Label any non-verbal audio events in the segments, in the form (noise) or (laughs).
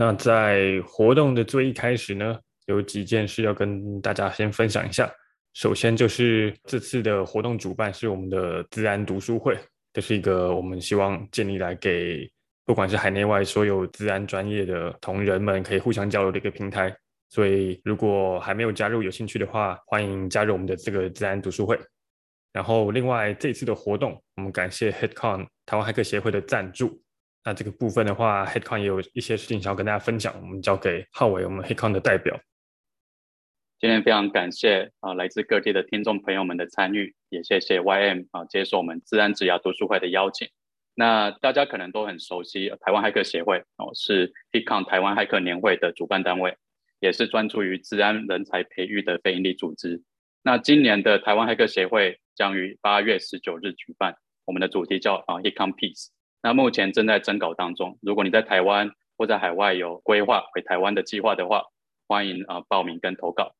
那在活動的最一開始呢，有幾件事要跟大家先分享一下。首先就是這次的活動主辦是我們的資安讀書會，這是一個我們希望建立來給不管是海內外所有資安專業的同仁們可以互相交流的一個平台。所以如果還沒有加入有興趣的話，歡迎加入我們的這個資安讀書會。然後另外這次的活動，我們感謝 HITCON 台灣駭客協會的贊助。那這個部分的話 HITCON 也有一些事情想要跟大家分享，我們交給浩偉，我們 HITCON 的代表。今天非常感謝啊，來自各地的聽眾朋友們的參與，也謝謝 YM 啊，接受我們資安讀書會的邀請。那大家可能都很熟悉，啊、台灣駭客協會哦、啊，是 HITCON 台灣駭客年會的主辦單位，也是專注於資安人才培育的非營利組織。那今年的台灣駭客協會將於八月十九日舉辦，我們的主題叫啊 HITCON Peace。那目前正在徵稿當中。如果你在台灣或在海外有規劃回台灣的計劃的話，歡迎啊、呃、報名跟投稿。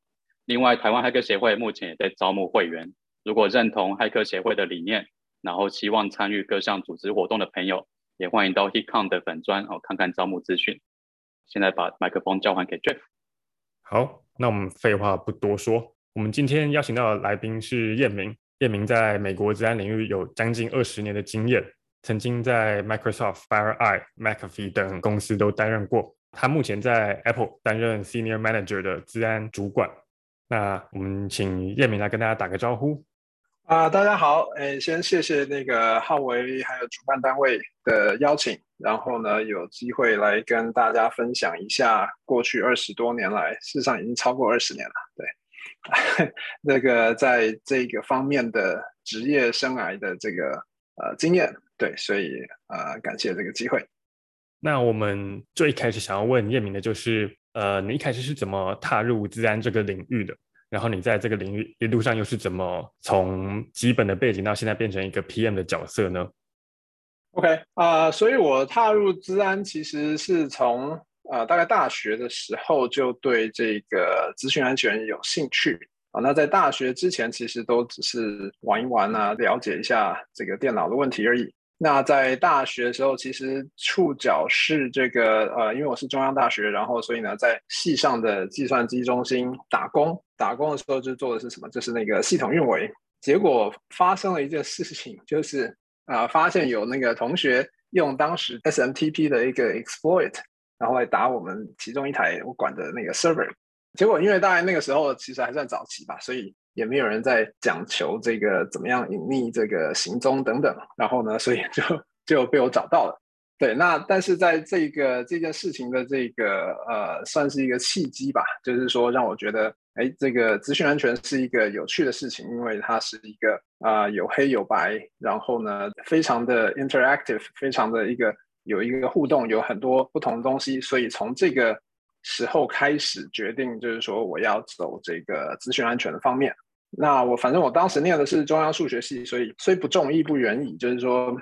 另外，台灣駭客協會目前也在招募會員。如果認同駭客協會的理念，然後希望參與各項組織活動的朋友，也歡迎到 HITCON 的本專哦、呃、看看招募資訊。現在把麥克風交還給 Jeff。好，那我們廢話不多說，我們今天邀請到的來賓是 YM。YM 在美國資安領域有將近二十年的經驗。曾經在 Microsoft、FireEye、McAfee 等公司都擔任過。他目前在 Apple 擔任 Senior Manager 的資安主管。那我們請 YM 來跟大家打個招呼。啊、呃，大家好，哎，先謝謝那個浩維還有主辦單位的邀請，然後呢，有機會來跟大家分享一下過去二十多年來，事實上已經超過二十年了，對， (laughs) 那個在這個方面的職業生涯的這個呃經驗。對，所以呃，感謝這個機會。那我們最開始想要問 YM 的就是，呃，你一開始是怎麼踏入資安這個領域的？然後你在這個領域一路上又是怎麼從基本的背景到現在變成一個 PM 的角色呢？OK，啊、呃，所以我踏入資安其實是從呃大概大學的時候就對這個資訊安全有興趣啊。那在大學之前，其實都只是玩一玩啊，了解一下這個電腦的問題而已。那在大學的時候，其實觸角是這個，呃，因為我是中央大學，然後所以呢，在系上的計算機中心打工，打工的時候就做的是什麼？就是那個系統運維。結果發生了一件事情，就是啊，呃，發現有那個同學用當時 SMTP 的一個 exploit，然後來打我們其中一台我管的那個 server。結果因為大概那個時候其實還算早期吧，所以。也沒有人在講求這個怎麼樣隱匿這個行蹤等等，然後呢，所以就就被我找到了。對，那但是在這個這件事情的這個呃，算是一個契機吧，就是說讓我覺得，哎，這個資訊安全是一個有趣的事情，因為它是一個啊、呃、有黑有白，然後呢，非常的 interactive，非常的一個有一個互動，有很多不同的東西，所以從這個時候開始決定，就是說我要走這個資訊安全的方面。那我反正我當時念的是中央數學系，所以雖不中亦不遠矣，就是說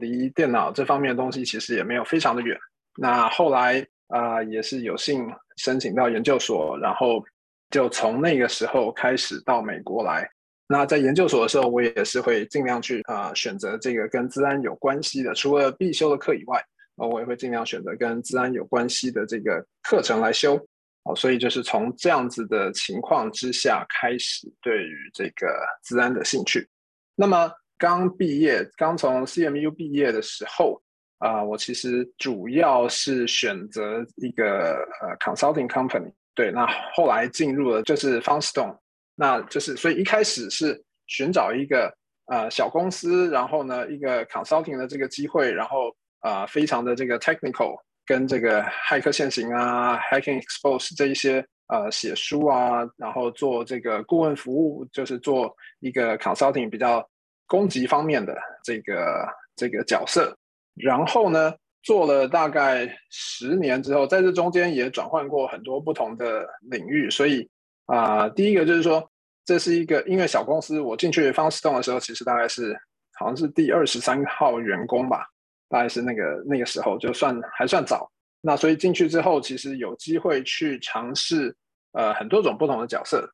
離電腦這方面的東西其實也沒有非常的遠。那後來啊、呃、也是有幸申請到研究所，然後就從那個時候開始到美國來。那在研究所的時候，我也是會盡量去啊、呃、選擇這個跟資安有關係的，除了必修的課以外，呃、我也會盡量選擇跟資安有關係的這個課程來修。哦，所以就是從這樣子的情況之下開始對於這個資安的興趣。那麼剛畢業，剛從 CMU 畢業的時候，啊、呃，我其實主要是選擇一個呃 consulting company。對，那後來進入了就是 Foundstone，那就是所以一開始是尋找一個呃小公司，然後呢一個 consulting 的這個機會，然後啊、呃，非常的這個 technical。跟這個駭客現形啊，Hacking Exposed 這一些呃寫書啊，然後做這個顧問服務，就是做一個 consulting 比較攻擊方面的這個這個角色。然後呢，做了大概十年之後，在這中間也轉換過很多不同的領域。所以啊、呃，第一個就是說，這是一個因為小公司，我進去 Foundstone 的時候，其實大概是好像是第二十三號員工吧。大概是那個那個時候，就算還算早。那所以進去之後，其實有機會去嘗試呃很多種不同的角色，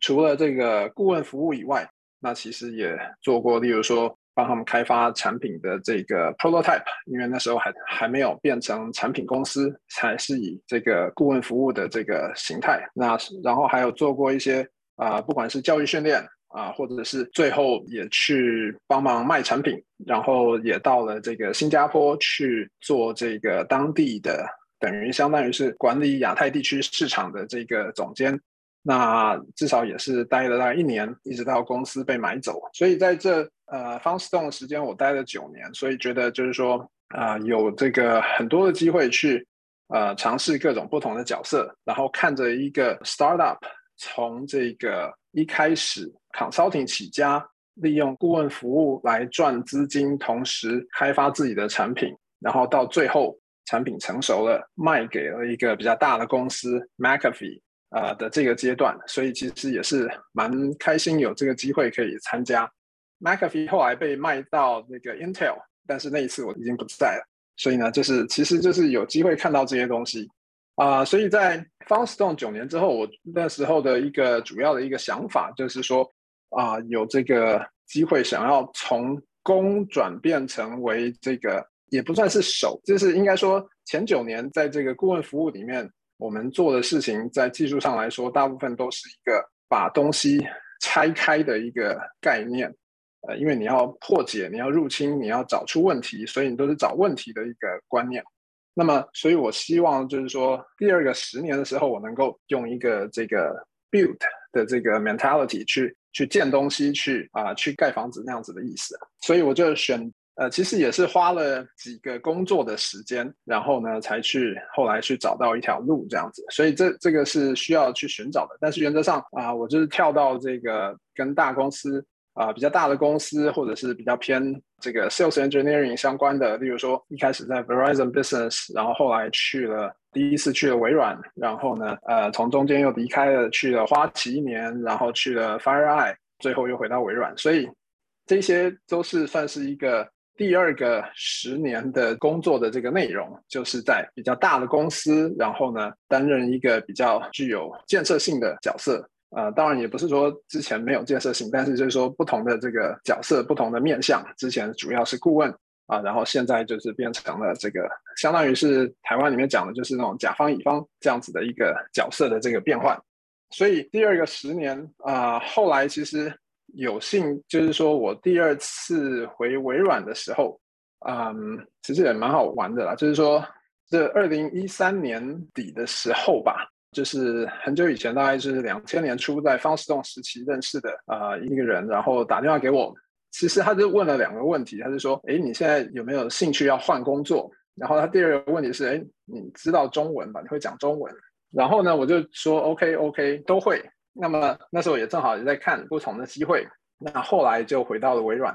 除了這個顧問服務以外，那其實也做過，例如說幫他們開發產品的這個 prototype，因為那時候還還沒有變成產品公司，才是以這個顧問服務的這個形態。那然後還有做過一些啊、呃，不管是教育訓練。啊，或者是最後也去幫忙賣產品，然後也到了這個新加坡去做這個當地的，等於相當於是管理亞太地區市場的這個總監。那至少也是待了大概一年，一直到公司被買走。所以在這呃 Foundstone 的時間我待了九年，所以覺得就是說啊、呃，有這個很多的機會去呃嘗試各種不同的角色，然後看着一個 startup 從這個一開始。consulting 起家，利用顧問服務來賺資金，同時開發自己的產品，然後到最後產品成熟了，賣給了一個比較大的公司，McAfee、呃、啊的這個階段，所以其實也是蠻開心有這個機會可以參加。McAfee 後來被賣到那個 Intel，但是那一次我已經不在了，所以呢，就是其實就是有機會看到這些東西啊、呃，所以在 Foundstone 九年之後，我那時候的一個主要的一個想法就是說。啊、呃，有這個機會想要從攻轉變成為這個也不算是守，就是應該說前九年在這個顧問服務裡面，我們做的事情在技術上來說，大部分都是一個把東西拆開的一個概念，呃，因為你要破解，你要入侵，你要找出問題，所以你都是找問題的一個觀念。那麼，所以我希望就是說第二個十年的時候，我能夠用一個這個 build 的這個 mentality 去。去建東西去，去、呃、啊，去蓋房子那樣子的意思，所以我就選，呃，其實也是花了幾個工作的時間，然後呢，才去後來去找到一條路這樣子，所以這這個是需要去尋找的，但是原則上啊、呃，我就是跳到這個跟大公司啊、呃、比較大的公司，或者是比較偏這個 sales engineering 相關的，例如說一開始在 Verizon Business，然後後來去了。第一次去了微軟，然後呢，呃，從中間又離開了，去了花旗一年，然後去了 FireEye，最後又回到微軟。所以這些都是算是一個第二個十年的工作的這個內容，就是在比較大的公司，然後呢，擔任一個比較具有建設性的角色。呃，當然也不是說之前沒有建設性，但是就是說不同的這個角色、不同的面向，之前主要是顧問。啊，然後現在就是變成了這個，相當於是台灣裡面講的，就是那種甲方乙方這樣子的一個角色的這個變換。所以第二個十年啊、呃，後來其實有幸，就是說我第二次回微軟的時候，嗯，其實也蠻好玩的啦。就是說這二零一三年底的時候吧，就是很久以前，大概就是兩千年初在 Foundstone 時期認識的啊、呃、一個人，然後打電話給我。其實他就問了兩個問題，他就說：“哎，你現在有沒有興趣要換工作？”然後他第二個問題是：“哎，你知道中文吧？你會講中文？”然後呢，我就說：“OK，OK，OK, OK, 都會。”那麼那時候也正好也在看不同的機會。那後來就回到了微軟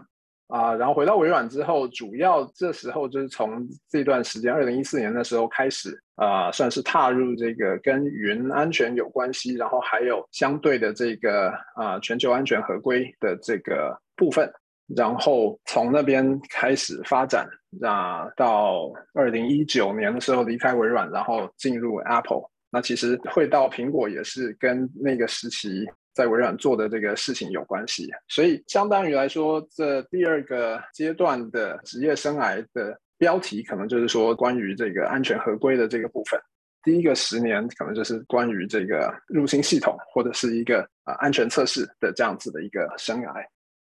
啊、呃。然後回到微軟之後，主要這時候就是從這段時間二零一四年的時候開始啊、呃，算是踏入這個跟雲安全有關係，然後還有相對的這個啊、呃、全球安全合規的這個部分。然後從那邊開始發展，那、啊、到二零一九年的時候離開微軟，然後進入 Apple。那其實會到蘋果也是跟那個時期在微軟做的這個事情有關係。所以相當於來說，這第二個階段的職業生涯的標題可能就是說關於這個安全合規的這個部分。第一個十年可能就是關於這個入侵系統或者是一個啊、呃、安全測試的這樣子的一個生涯。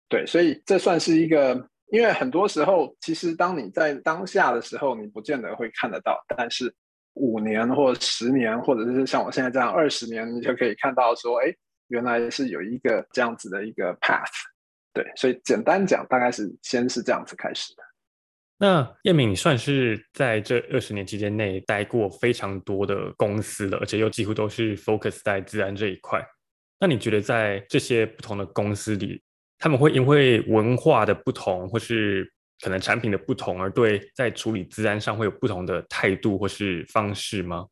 對，所以這算是一個，因為很多時候其實當你在當下的時候，你不見得會看得到，但是五年或十年，或者是像我現在這樣二十年，你就可以看到說，哎，原來是有一個這樣子的一個 path。對，所以簡單講，大概是先是這樣子開始的。那 YM，YM 你算是在這二十年期間內待過非常多的公司了，而且又幾乎都是 focus 在資安這一塊。那你覺得在這些不同的公司裡，他們會因為文化的不同，或是可能產品的不同，而對在處理資安上會有不同的態度或是方式嗎？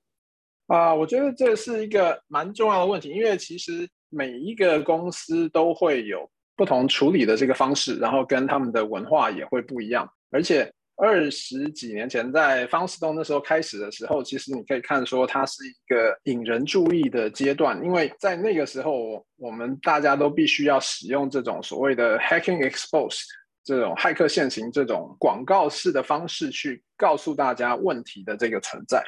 啊、呃，我覺得這是一個蠻重要的問題，因為其實每一個公司都會有不同處理的這個方式，然後跟他們的文化也會不一樣，而且。二十幾年前，在 Foundstone 那時候開始的時候，其實你可以看說它是一個引人注意的階段，因為在那個時候，我們大家都必須要使用這種所謂的 Hacking Exposed 這種駭客現形這種廣告式的方式去告訴大家問題的這個存在。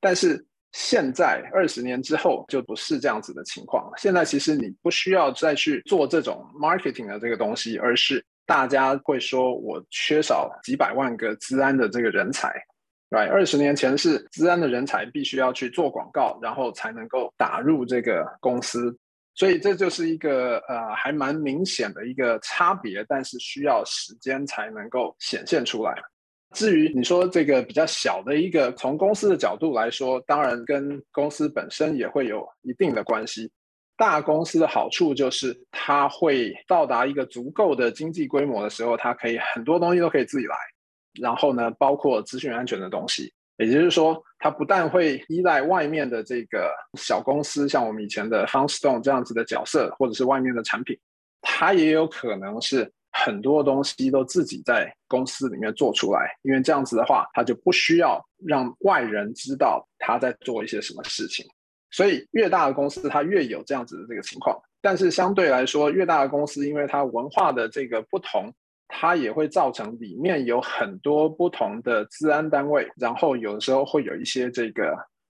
但是現在，二十年之後就不是這樣子的情況了。現在其實你不需要再去做這種 marketing 的這個東西，而是。大家會說，我缺少幾百萬個資安的這個人才，對？二十年前是資安的人才必須要去做廣告，然後才能夠打入這個公司，所以這就是一個呃，還蠻明顯的一個差別，但是需要時間才能夠顯現出來。至於你說這個比較小的一個，從公司的角度來說，當然跟公司本身也會有一定的關係。大公司的好處就是，它會到達一個足夠的經濟規模的時候，它可以很多東西都可以自己來。然後呢，包括資訊安全的東西，也就是說，它不但會依賴外面的這個小公司，像我們以前的方 n e 這樣子的角色，或者是外面的產品，它也有可能是很多東西都自己在公司裡面做出來。因為這樣子的話，它就不需要讓外人知道他在做一些什麼事情。所以越大的公司，它越有這樣子的這個情況，但是相對來說，越大的公司，因為它文化的這個不同，它也會造成裡面有很多不同的資安單位，然後有的時候會有一些這個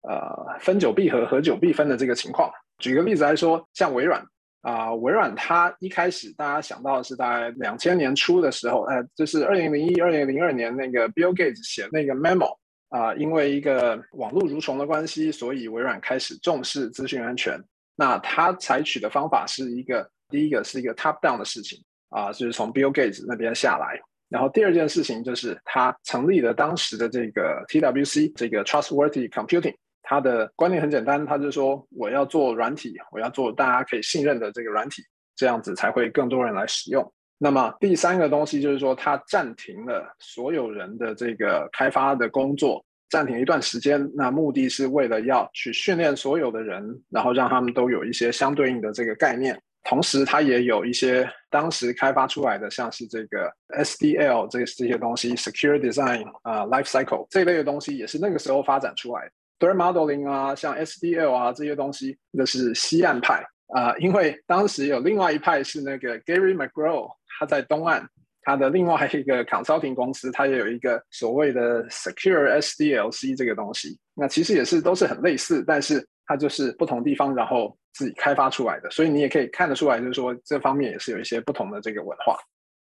呃，分久必合，合久必分的這個情況。舉個例子來說，像微軟啊、呃，微軟它一開始大家想到的是大概兩千年初的時候，呃，就是二零零一、二零零二年那個 Bill Gates 寫那個 memo。啊、呃，因為一個網絡蠕蟲的關係，所以微軟開始重視資訊安全。那他採取的方法是一個，第一個是一個 top down 的事情啊、呃，就是從 Bill Gates 那邊下來。然後第二件事情就是他成立了當時的這個 TWC，這個 Trustworthy Computing。他的觀念很簡單，他就是說我要做軟體，我要做大家可以信任的這個軟體，這樣子才會更多人來使用。那麼第三個東西就是說，他暫停了所有人的這個開發的工作，暫停一段時間。那目的是為了要去訓練所有的人，然後讓他們都有一些相對應的這個概念。同時，他也有一些當時開發出來的，像是這個 SDL 這這些東西，secure design 啊、呃，life cycle 這類的東西，也是那個時候發展出來的。Threat modeling 啊，像 SDL 啊這些東西，那是西岸派啊、呃，因為當時有另外一派是那個 Gary McGraw。它在東岸，它的另外一個 consulting 公司，它也有一個所謂的 secure SDLC 這個東西。那其實也是都是很類似，但是它就是不同地方，然後自己開發出來的。所以你也可以看得出來，就是說，這方面也是有一些不同的這個文化。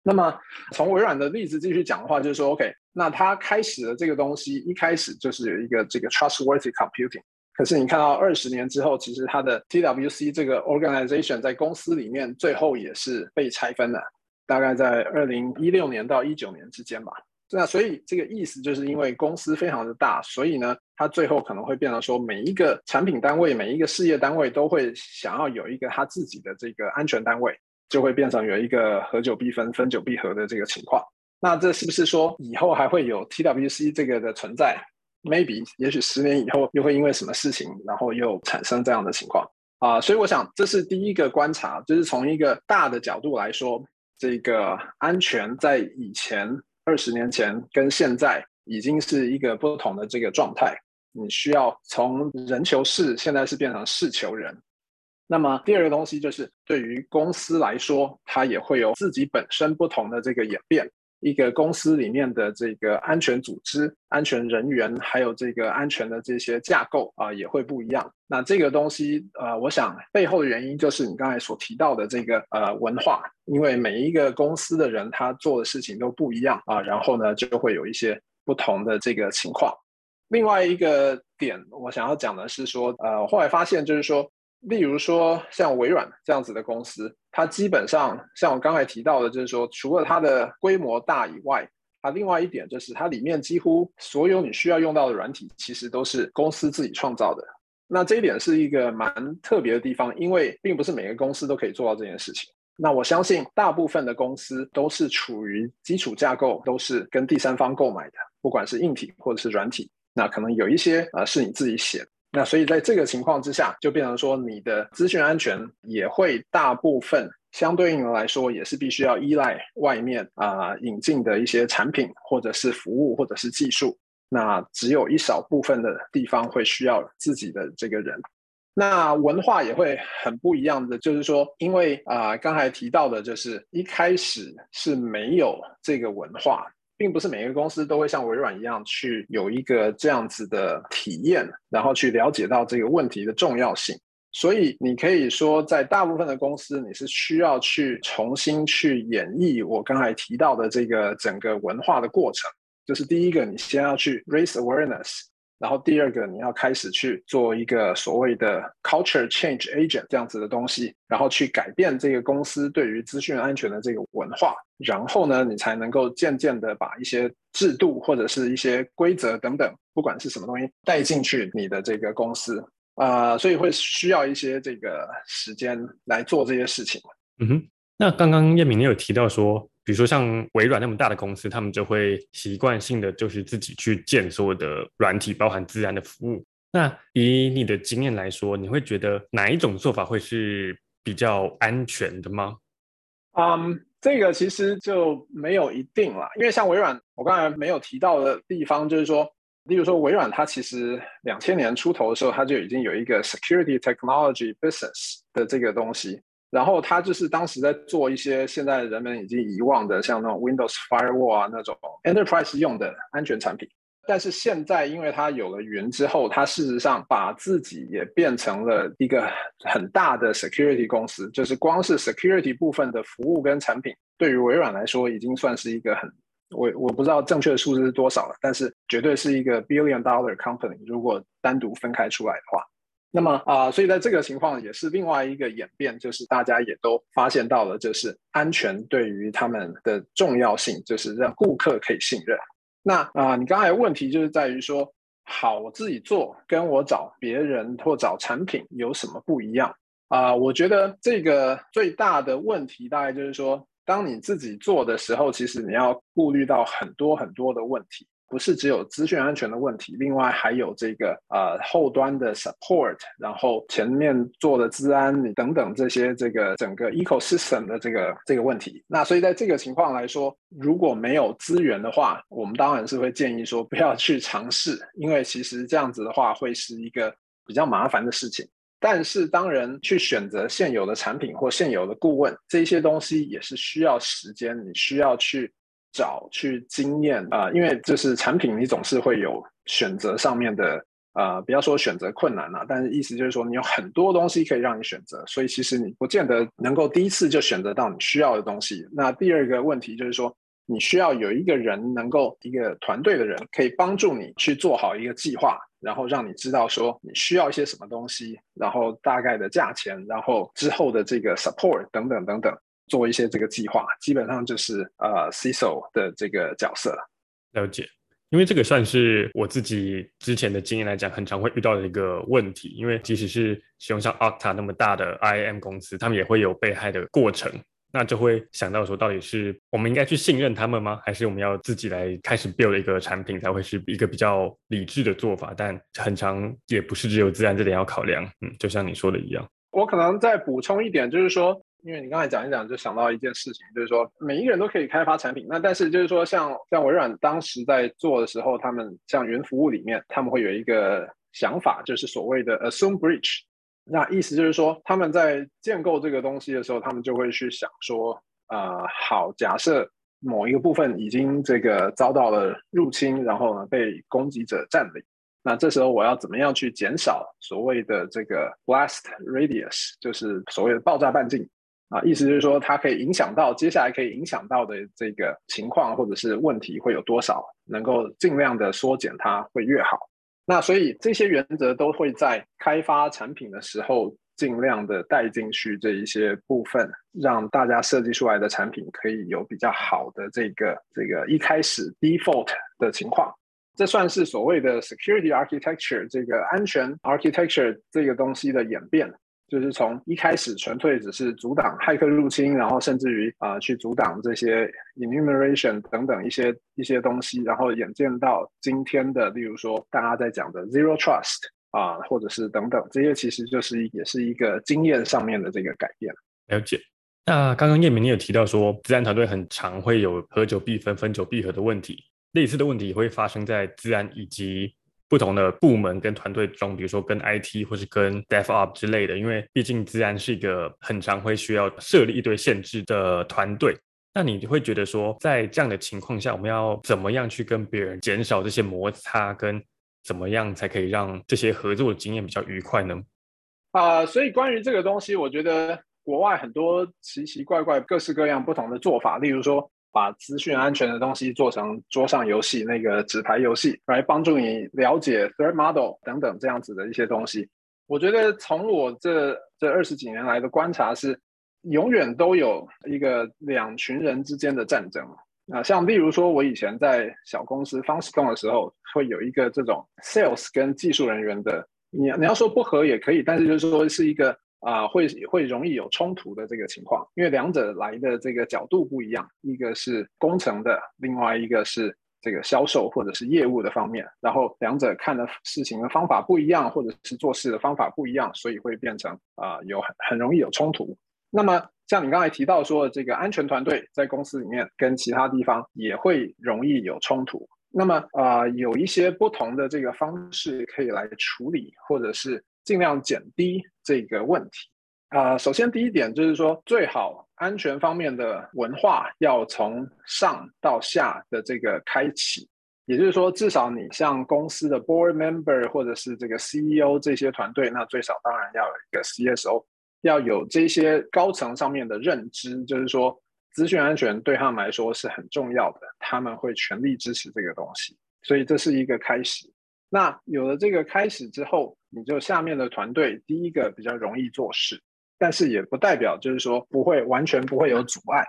那麼從微軟的例子繼續講的話，就是說 OK，那它開始的這個東西一開始就是有一個這個 trustworthy computing，可是你看到二十年之後，其實它的 TWC 這個 organization 在公司裡面最後也是被拆分了。大概在二零一六年到一九年之間吧，那、啊、所以這個意思就是因為公司非常的大，所以呢，它最後可能會變成說，每一個產品單位、每一個事業單位都會想要有一個它自己的這個安全單位，就會變成有一個合久必分、分久必合的這個情況。那這是不是說以後還會有 TWC 這個的存在？Maybe，也許十年以後又會因為什麼事情，然後又產生這樣的情況啊？所以我想這是第一個觀察，就是從一個大的角度來說。這個安全在以前二十年前跟現在已經是一個不同的這個狀態，你需要從人求事，現在是變成事求人。那麼第二個東西就是對於公司來說，它也會有自己本身不同的這個演變。一個公司裡面的這個安全組織、安全人員，還有這個安全的這些架構啊、呃，也會不一樣。那這個東西，呃，我想背後的原因就是你剛才所提到的這個呃文化，因為每一個公司的人他做的事情都不一樣啊、呃，然後呢就會有一些不同的這個情況。另外一個點我想要講的是說，呃，後來發現就是說。例如說，像微軟這樣子的公司，它基本上像我剛才提到的，就是說，除了它的規模大以外，它另外一點就是，它裡面幾乎所有你需要用到的軟體，其實都是公司自己創造的。那這一點是一個蠻特別的地方，因為並不是每個公司都可以做到這件事情。那我相信，大部分的公司都是屬於基礎架構都是跟第三方購買的，不管是硬體或者是軟體。那可能有一些啊、呃，是你自己寫的。那所以，在這個情況之下，就變成說，你的資訊安全也會大部分相對應來說，也是必須要依賴外面啊、呃、引進的一些產品，或者是服務，或者是技術。那只有一少部分的地方會需要自己的這個人。那文化也會很不一樣的，就是說，因為啊、呃、剛才提到的，就是一開始是沒有這個文化。並不是每一個公司都會像微軟一樣去有一個這樣子的體驗，然後去了解到這個問題的重要性。所以你可以說，在大部分的公司，你是需要去重新去演繹我剛才提到的這個整個文化的過程。就是第一個，你先要去 raise awareness。然後第二個，你要開始去做一個所謂的 culture change agent 這樣子的東西，然後去改變這個公司對於資訊安全的這個文化，然後呢，你才能夠漸漸的把一些制度或者是一些規則等等，不管是什麼東西帶進去你的這個公司啊，呃，所以會需要一些這個時間來做這些事情。嗯哼，那剛剛 YM 你有提到說，比如說像微軟那麼大的公司，他們就會習慣性的就是自己去建所有的軟體，包含自然的服務。那以你的經驗來說，你會覺得哪一種做法會是比較安全的嗎？嗯，um，這個其實就沒有一定啦，因為像微軟，我剛才沒有提到的地方，就是說，例如說微軟，它其實兩千年出頭的時候，它就已經有一個 security technology business 的這個東西。然後他就是當時在做一些現在人們已經遺忘的，像那種 Windows Firewall 啊那種 Enterprise 用的安全產品。但是現在因為他有了雲之後，他事實上把自己也變成了一個很大的 Security 公司，就是光是 Security 部分的服務跟產品，對於微軟來說已經算是一個很，我我不知道正確的數字是多少了，但是絕對是一個 billion dollar company，如果單獨分開出來的話。那麼啊、呃，所以在這個情況也是另外一個演變，就是大家也都發現到了，就是安全對於他們的重要性，就是讓顧客可以信任。那啊、呃，你剛才的問題就是在於說，好，我自己做跟我找別人或找產品有什麼不一樣啊、呃？我覺得這個最大的問題大概就是說，當你自己做的時候，其實你要顧慮到很多很多的問題。不是只有資訊安全的問題，另外還有這個呃後端的 support，然後前面做的資安等等這些這個整個 ecosystem 的這個這個問題。那所以在這個情況來說，如果沒有資源的話，我們當然是會建議說不要去嘗試，因為其實這樣子的話會是一個比較麻煩的事情。但是當然去選擇現有的產品或現有的顧問這些東西也是需要時間，你需要去。找去經驗啊、呃，因為就是產品，你總是會有選擇上面的呃，不要說選擇困難了，啊，但是意思就是說你有很多東西可以讓你選擇，所以其實你不見得能夠第一次就選擇到你需要的東西。那第二個問題就是說，你需要有一個人能夠一個團隊的人可以幫助你去做好一個計劃，然後讓你知道說你需要一些什麼東西，然後大概的價錢，然後之後的這個 support 等等等等。做一些這個計劃，基本上就是呃 CISO 的這個角色了。了解，因為這個算是我自己之前的經驗來講，很常會遇到的一個問題。因為即使是使用像 Octa 那麼大的 IAM 公司，他們也會有被害的過程，那就會想到說，到底是我們應該去信任他們嗎？還是我們要自己來開始 build 一個產品，才會是一個比較理智的做法？但很常也不是只有自然這點要考量。嗯，就像你說的一樣，我可能再補充一點，就是說。因為你剛才講一講，就想到一件事情，就是說每一個人都可以開發產品。那但是就是說像，像像微軟當時在做的時候，他們像雲服務裡面，他們會有一個想法，就是所謂的 assume breach。那意思就是說，他們在建構這個東西的時候，他們就會去想說，呃，好，假設某一個部分已經這個遭到了入侵，然後呢，被攻擊者占領，那這時候我要怎麼樣去減少所謂的這個 blast radius，就是所謂的爆炸半徑？啊，意思就是說，它可以影響到接下來可以影響到的這個情況，或者是問題會有多少，能夠儘量的縮減，它會越好。那所以這些原則都會在開發產品的時候儘量的帶進去這一些部分，讓大家設計出來的產品可以有比較好的這個這個一開始 default 的情況。這算是所謂的 security architecture 這個安全 architecture 這個東西的演變。就是從一開始純粹只是阻擋駭客入侵，然後甚至於啊、呃、去阻擋這些 enumeration 等等一些一些東西，然後眼見到今天的，例如說大家在講的 Zero Trust 啊、呃，或者是等等這些，其實就是也是一個經驗上面的這個改變。了解。那剛剛葉明你有提到說，資安團隊很常會有合久必分，分久必合的問題，類似的問題也會發生在資安以及不同的部門跟團隊中，比如說跟 IT 或是跟 DevOps 之類的，因為畢竟資安是一個很常會需要設立一堆限制的團隊。那你會覺得說，在這樣的情況下，我們要怎麼樣去跟別人減少這些摩擦，跟怎麼樣才可以讓這些合作的經驗比較愉快呢？啊、呃，所以關於這個東西，我覺得國外很多奇奇怪怪、各式各樣不同的做法，例如說，把資訊安全的東西做成桌上遊戲，那個紙牌遊戲來幫助你了解 Third Model 等等這樣子的一些東西。我覺得從我這這二十幾年來的觀察是，永遠都有一個兩群人之間的戰爭。啊，像例如說，我以前在小公司方 u n c o 的時候，會有一個這種 Sales 跟技術人員的，你你要說不合也可以，但是就是說是一個。啊、呃，會會容易有衝突的這個情況，因為兩者來的這個角度不一樣，一個是工程的，另外一個是這個銷售或者是業務的方面，然後兩者看的事情的方法不一樣，或者是做事的方法不一樣，所以會變成啊、呃、有很很容易有衝突。那麼像你剛才提到說，這個安全團隊在公司裡面跟其他地方也會容易有衝突。那麼啊、呃，有一些不同的這個方式可以來處理，或者是。儘量減低這個問題啊、呃。首先，第一點就是說，最好安全方面的文化要從上到下的這個開啟，也就是說，至少你像公司的 board member 或者是這個 CEO 這些團隊，那最少當然要有一個 CSO，要有這些高層上面的認知，就是說，資訊安全對他們來說是很重要的，他們會全力支持這個東西，所以這是一個開始。那有了這個開始之後，你就下面的團隊第一個比較容易做事，但是也不代表就是說不會完全不會有阻礙。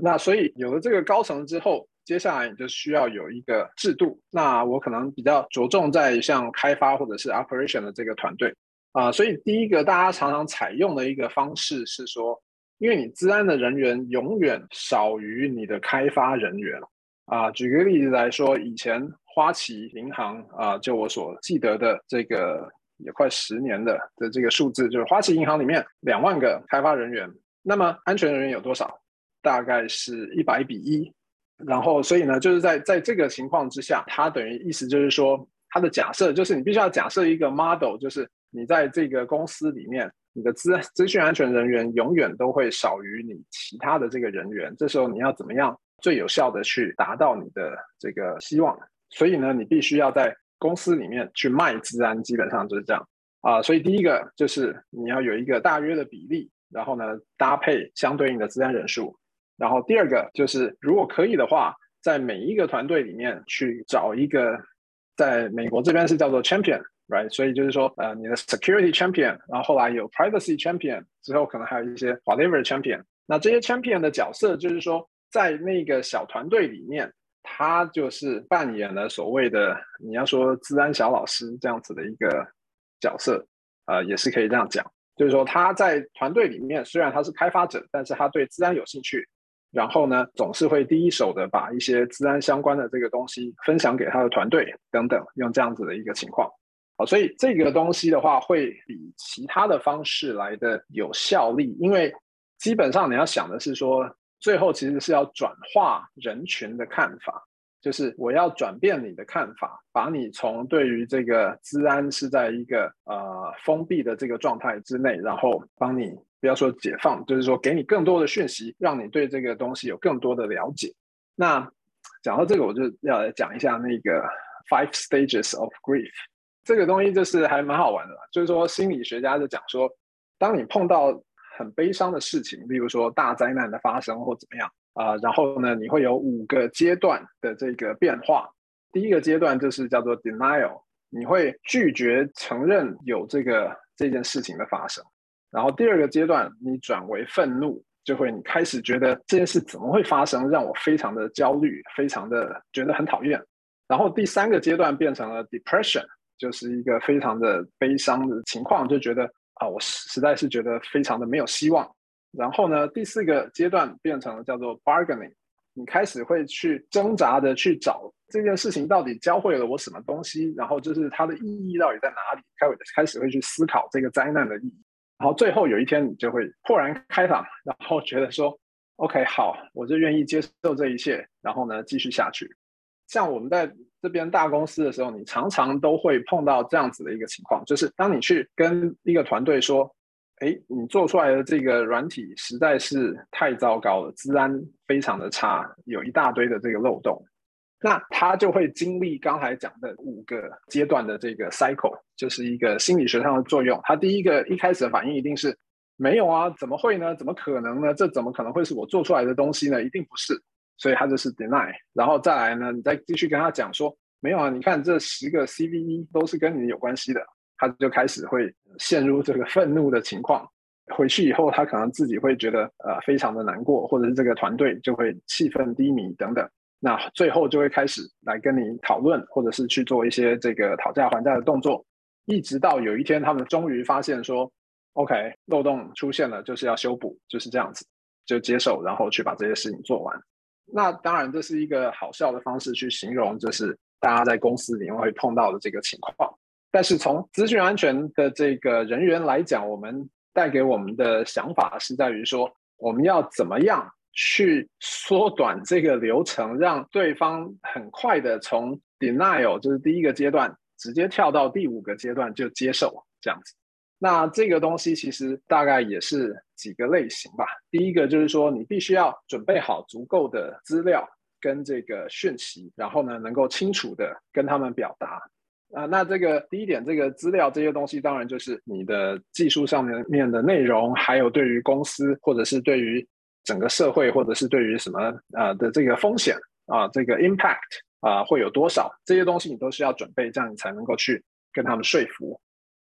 那所以有了這個高層之後，接下來你就需要有一個制度。那我可能比較着重在像開發或者是 operation 的這個團隊啊，所以第一個大家常常採用的一個方式是說，因為你資安的人員永遠少於你的開發人員啊。舉個例子來說，以前。花旗銀行啊、呃，就我所記得的這個也快十年的的這個數字，就是花旗銀行裡面兩萬個開發人員，那麼安全人員有多少？大概是一百比一。然後，所以呢，就是在在這個情況之下，他等於意思就是說，他的假設就是你必須要假設一個 model，就是你在這個公司裡面，你的資資訊安全人員永遠都會少於你其他的這個人員。這時候你要怎麼樣最有效的去達到你的這個希望？所以呢，你必須要在公司裡面去賣資安，基本上就是這樣啊、呃。所以第一個就是你要有一個大約的比例，然後呢，搭配相對應的資安人數。然後第二個就是如果可以的話，在每一個團隊裡面去找一個在美國這邊是叫做 champion，right？所以就是說呃，你的 security champion，然後後來有 privacy champion，之後可能還有一些 whatever champion。那這些 champion 的角色就是說在那個小團隊裡面。他就是扮演了所謂的你要說資安小老師這樣子的一個角色，呃，也是可以這樣講，就是說他在團隊裡面，雖然他是開發者，但是他對資安有興趣，然後呢，總是會第一手的把一些資安相關的這個東西分享給他的團隊等等，用這樣子的一個情況。好，所以這個東西的話，會比其他的方式來的有效力，因為基本上你要想的是說，最後其實是要轉化人群的看法，就是我要轉變你的看法，把你從對於這個資安是在一個呃封閉的這個狀態之內，然後幫你不要說解放，就是說給你更多的訊息，讓你對這個東西有更多的了解。那講到這個，我就要來講一下那個 Five Stages of Grief 這個東西，就是還蠻好玩的，就是說心理學家就講說，當你碰到。很悲傷的事情，例如說大災難的發生或怎麼樣啊，呃，然後呢，你會有五個階段的這個變化。第一個階段就是叫做 denial，你會拒絕承認有這個這件事情的發生。然後第二個階段，你轉為憤怒，就會你開始覺得這件事怎麼會發生，讓我非常的焦慮，非常的覺得很討厭。然後第三個階段變成了 depression，就是一個非常的悲傷的情況，就覺得。啊，我實在是覺得非常的沒有希望。然後呢，第四個階段變成了叫做 bargaining，你開始會去掙扎的去找這件事情到底教會了我什麼東西，然後就是它的意義到底在哪裡，開開始會去思考這個災難的意義。然後最後有一天你就會豁然開朗，然後覺得說，OK，好，我就願意接受這一切，然後呢繼續下去。像我們在這邊大公司的時候，你常常都會碰到這樣子的一個情況，就是當你去跟一個團隊說：“哎，你做出來的這個軟體實在是太糟糕了，資安非常的差，有一大堆的這個漏洞。”那他就會經歷剛才講的五個階段的這個 cycle，就是一個心理學上的作用。他第一個一開始的反應一定是：“沒有啊，怎麼會呢？怎麼可能呢？這怎麼可能會是我做出來的東西呢？一定不是。”所以他就是 deny，然後再來呢，你再繼續跟他講說沒有啊，你看這十個 CVE 都是跟你有關係的，他就開始會陷入這個憤怒的情況。回去以後，他可能自己會覺得呃非常的難過，或者是這個團隊就會氣氛低迷等等。那最後就會開始來跟你討論，或者是去做一些這個討價還價的動作，一直到有一天他們終於發現說 OK，漏洞出現了，就是要修補，就是這樣子就接受，然後去把這些事情做完。那當然，這是一個好笑的方式去形容，就是大家在公司裡面會碰到的這個情況。但是從資訊安全的這個人員來講，我們帶給我們的想法是在於說，我們要怎麼樣去縮短這個流程，讓對方很快的從 denial，就是第一個階段，直接跳到第五個階段就接受，這樣子。那這個東西其實大概也是幾個類型吧。第一個就是說，你必須要準備好足夠的資料跟這個訊息，然後呢，能夠清楚的跟他們表達啊、呃。那這個第一點，這個資料這些東西，當然就是你的技術上面面的內容，還有對於公司或者是對於整個社會或者是對於什麼呃的這個風險啊、呃，這個 impact 啊、呃、會有多少這些東西，你都需要準備，這樣你才能夠去跟他們說服。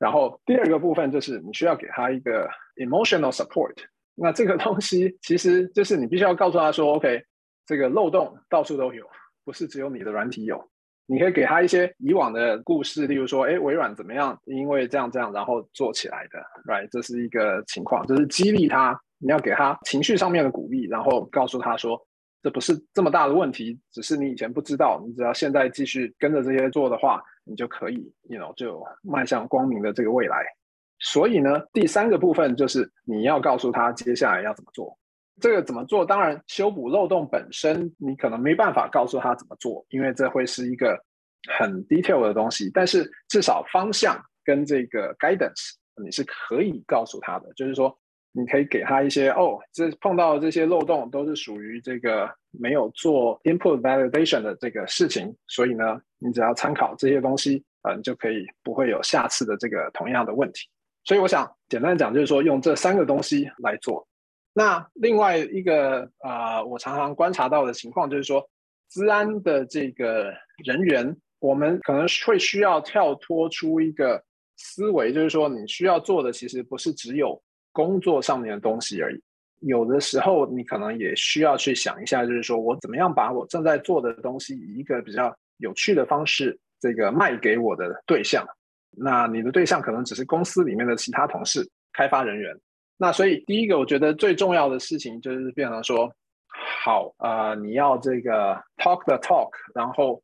然後第二個部分就是你需要給他一個 emotional support。那這個東西其實就是你必須要告訴他說，OK，這個漏洞到處都有，不是只有你的軟體有。你可以給他一些以往的故事，例如說，哎，微軟怎麼樣，因為這樣這樣，然後做起來的，right？這是一個情況，就是激勵他。你要給他情緒上面的鼓勵，然後告訴他說，這不是這麼大的問題，只是你以前不知道，你只要現在繼續跟着這些做的話。你就可以，you know，就邁向光明的這個未來。所以呢，第三個部分就是你要告訴他接下來要怎麼做。這個怎麼做？當然，修補漏洞本身你可能沒辦法告訴他怎麼做，因為這會是一個很 detail 的東西。但是至少方向跟這個 guidance 你是可以告訴他的，就是說。你可以給他一些哦，這碰到的這些漏洞都是屬於這個沒有做 input validation 的這個事情，所以呢，你只要參考這些東西，啊，你就可以不會有下次的這個同樣的問題。所以我想簡單講，就是說用這三個東西來做。那另外一個，呃，我常常觀察到的情況就是說，資安的這個人員，我們可能會需要跳脫出一個思維，就是說，你需要做的其實不是只有。工作上面的東西而已，有的時候你可能也需要去想一下，就是說我怎麼樣把我正在做的東西以一個比較有趣的方式，這個賣給我的對象。那你的對象可能只是公司裡面的其他同事、開發人員。那所以第一個，我覺得最重要的事情就是變成說，好，呃，你要這個 talk the talk，然後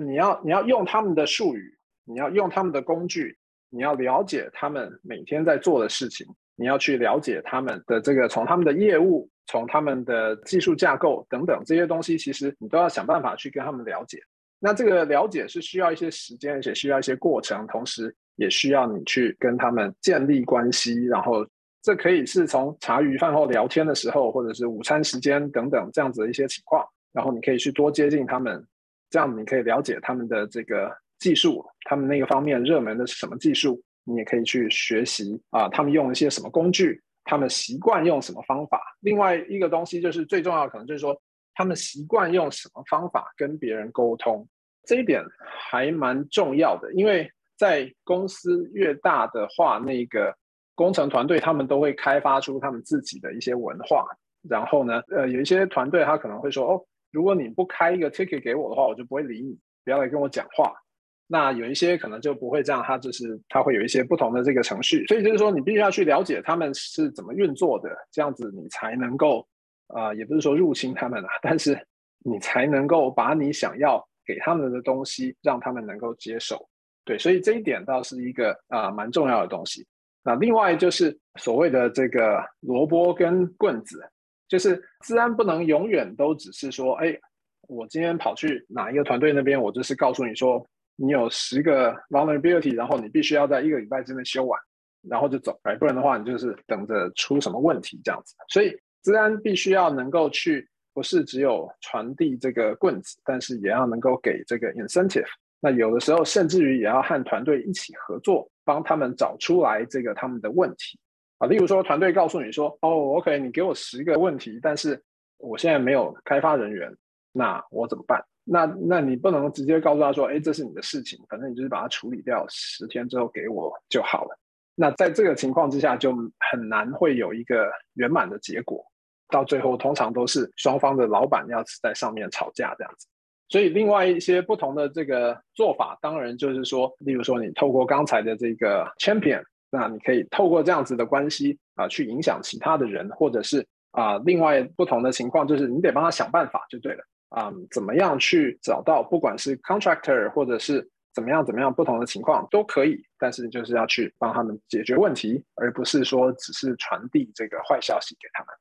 你要你要用他們的術語，你要用他們的工具，你要了解他們每天在做的事情。你要去了解他們的這個，從他們的業務，從他們的技術架構等等這些東西，其實你都要想辦法去跟他們了解。那這個了解是需要一些時間，而且需要一些過程，同時也需要你去跟他們建立關係。然後這可以是從茶餘飯後聊天的時候，或者是午餐時間等等這樣子的一些情況，然後你可以去多接近他們，這樣你可以了解他們的這個技術，他們那個方面熱門的是什麼技術。你也可以去學習啊，他們用一些什麼工具，他們習慣用什麼方法。另外一個東西就是最重要，可能就是說他們習慣用什麼方法跟別人溝通，這一點還蠻重要的。因為在公司越大的話，那個工程團隊他們都會開發出他們自己的一些文化。然後呢，呃，有一些團隊他可能會說，哦，如果你不開一個 ticket 給我的話，我就不會理你，不要來跟我講話。那有一些可能就不會這樣，它就是它會有一些不同的這個程序，所以就是說你必須要去了解他們是怎麼運作的，這樣子你才能夠，呃，也不是說入侵他們啊，但是你才能夠把你想要給他們的東西讓他們能夠接受，對，所以這一點倒是一個啊蠻、呃、重要的東西。那另外就是所謂的這個蘿蔔跟棍子，就是資安不能永遠都只是說，哎、欸，我今天跑去哪一個團隊那邊，我就是告訴你說。你有十個 vulnerability，然後你必須要在一個禮拜之內修完，然後就走，哎，不然的話你就是等着出什麼問題這樣子。所以，資安必須要能夠去，不是只有傳遞這個棍子，但是也要能夠給這個 incentive。那有的時候甚至於也要和團隊一起合作，幫他們找出來這個他們的問題啊。例如說，團隊告訴你說，哦，OK，你給我十個問題，但是我現在沒有開發人員，那我怎麼辦？那那你不能直接告訴他說，哎，這是你的事情，反正你就是把它處理掉，十天之後給我就好了。那在這個情況之下，就很難會有一個圓滿的結果，到最後通常都是雙方的老闆要在上面吵架這樣子。所以，另外一些不同的這個做法，當然就是說，例如說你透過剛才的這個 champion，那你可以透過這樣子的關係啊、呃，去影響其他的人，或者是啊、呃，另外不同的情況就是你得幫他想辦法就對了。啊、嗯，怎麼樣去找到，不管是 contractor 或者是，怎麼樣怎麼樣不同的情況都可以，但是就是要去幫他們解決問題，而不是說只是傳遞這個壞消息給他們。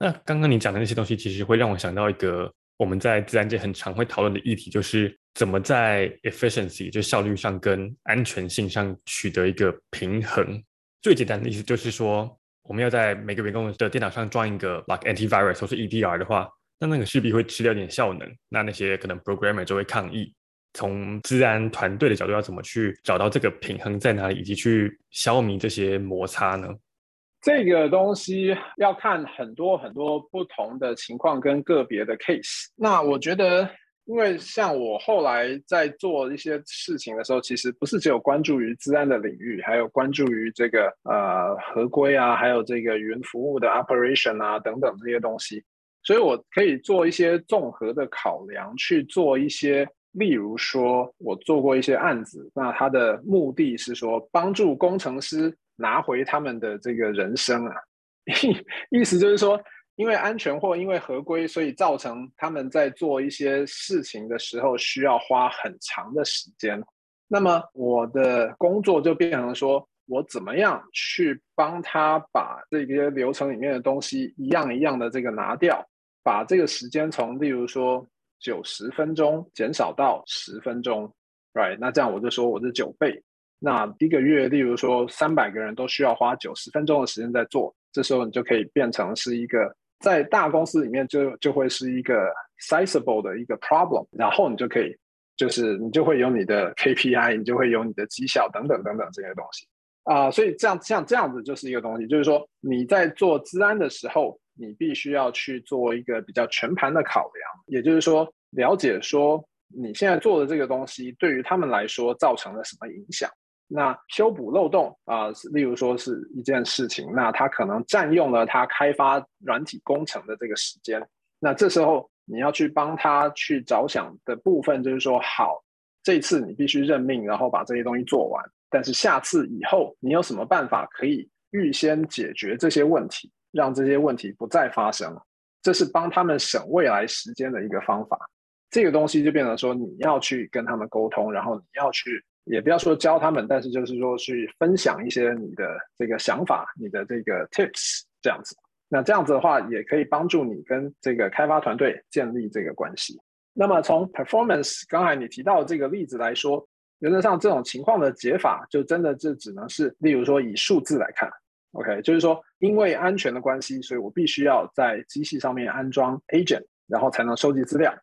那剛剛你講的那些東西，其實會讓我想到一個我們在資安界很常會討論的議題，就是怎麼在 efficiency 就是效率上跟安全性上取得一個平衡。最簡單的意思就是說，我們要在每個員工的電腦上裝一個 like antivirus 或者是 EDR 的話。那那個勢必會吃掉一點效能，那那些可能 programmer 就會抗議。從資安團隊的角度，要怎麼去找到這個平衡在哪裡，以及去消弭這些摩擦呢？這個東西要看很多很多不同的情況跟個別的 case。那我覺得，因為像我後來在做一些事情的時候，其實不是只有關注於資安的領域，還有關注於這個呃合規啊，還有這個雲服務的 operation 啊等等這些東西。所以，我可以做一些綜合的考量，去做一些，例如說，我做過一些案子，那他的目的是說，幫助工程師拿回他們的這個人生啊， (laughs) 意思就是說，因為安全或因為合規，所以造成他們在做一些事情的時候需要花很長的時間。那麼，我的工作就變成說，我怎麼樣去幫他把這些流程裡面的東西一樣一樣的這個拿掉。把這個時間從，例如說九十分鐘減少到十分鐘，right？那這樣我就說我是九倍。那一個月，例如說三百個人都需要花九十分鐘的時間在做，這時候你就可以變成是一個，在大公司裡面就就會是一個 sizeable 的一個 problem，然後你就可以就是你就會有你的 KPI，你就會有你的績效等等等等這些東西啊，呃。所以這樣像這樣子就是一個東西，就是說你在做資安的時候。你必須要去做一個比較全盤的考量，也就是說，了解說你現在做的這個東西對於他們來說造成了什麼影響。那修補漏洞啊、呃，例如說是一件事情，那他可能占用了他開發軟體工程的這個時間。那這時候你要去幫他去着想的部分，就是說，好，這次你必須認命，然後把這些東西做完。但是下次以後，你有什麼辦法可以預先解決這些問題？讓這些問題不再發生，這是幫他們省未來時間的一個方法。這個東西就變成說，你要去跟他們溝通，然後你要去，也不要說教他們，但是就是說去分享一些你的這個想法、你的這個 tips 這樣子。那這樣子的話，也可以幫助你跟這個開發團隊建立這個關係。那麼從 performance，剛才你提到的這個例子來說，原則上這種情況的解法，就真的就只能是，例如說以數字來看。OK，就是說，因為安全的關係，所以我必須要在機器上面安裝 Agent，然後才能收集資料。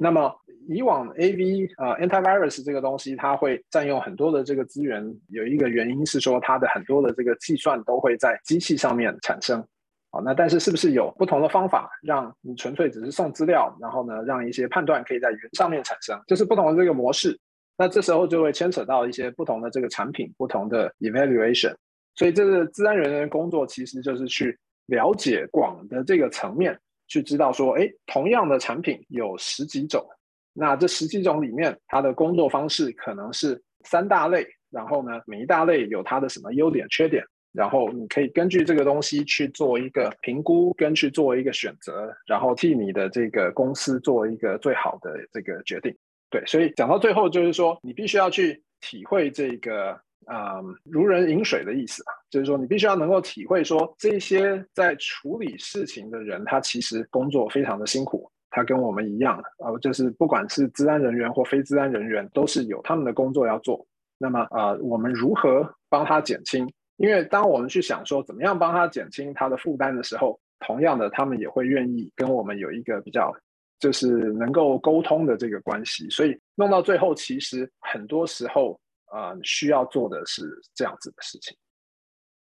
那麼以往 AV 啊，呃，Antivirus 這個東西，它會佔用很多的這個資源。有一個原因是說，它的很多的這個計算都會在機器上面產生。好，那但是是不是有不同的方法，讓你純粹只是送資料，然後呢，讓一些判斷可以在雲上面產生？就是不同的這個模式。那這時候就會牽扯到一些不同的這個產品，不同的 Evaluation。所以，這個資安人員工作，其實就是去了解廣的這個層面，去知道說，哎，同樣的產品有十幾種，那這十幾種裡面，它的工作方式可能是三大類，然後呢，每一大類有它的什麼優點、缺點，然後你可以根據這個東西去做一個評估，跟去做一個選擇，然後替你的這個公司做一個最好的這個決定。對，所以講到最後，就是說，你必須要去體會這個。啊、嗯，如人飲水的意思啊，就是說你必須要能夠體會說，這些在處理事情的人，他其實工作非常的辛苦，他跟我們一樣啊、呃，就是不管是資安人員或非資安人員，都是有他們的工作要做。那麼啊、呃，我們如何幫他減輕？因為當我們去想說怎麼樣幫他減輕他的負擔的時候，同樣的，他們也會願意跟我們有一個比較，就是能夠溝通的這個關係。所以弄到最後，其實很多時候。啊、呃，需要做的是這樣子的事情，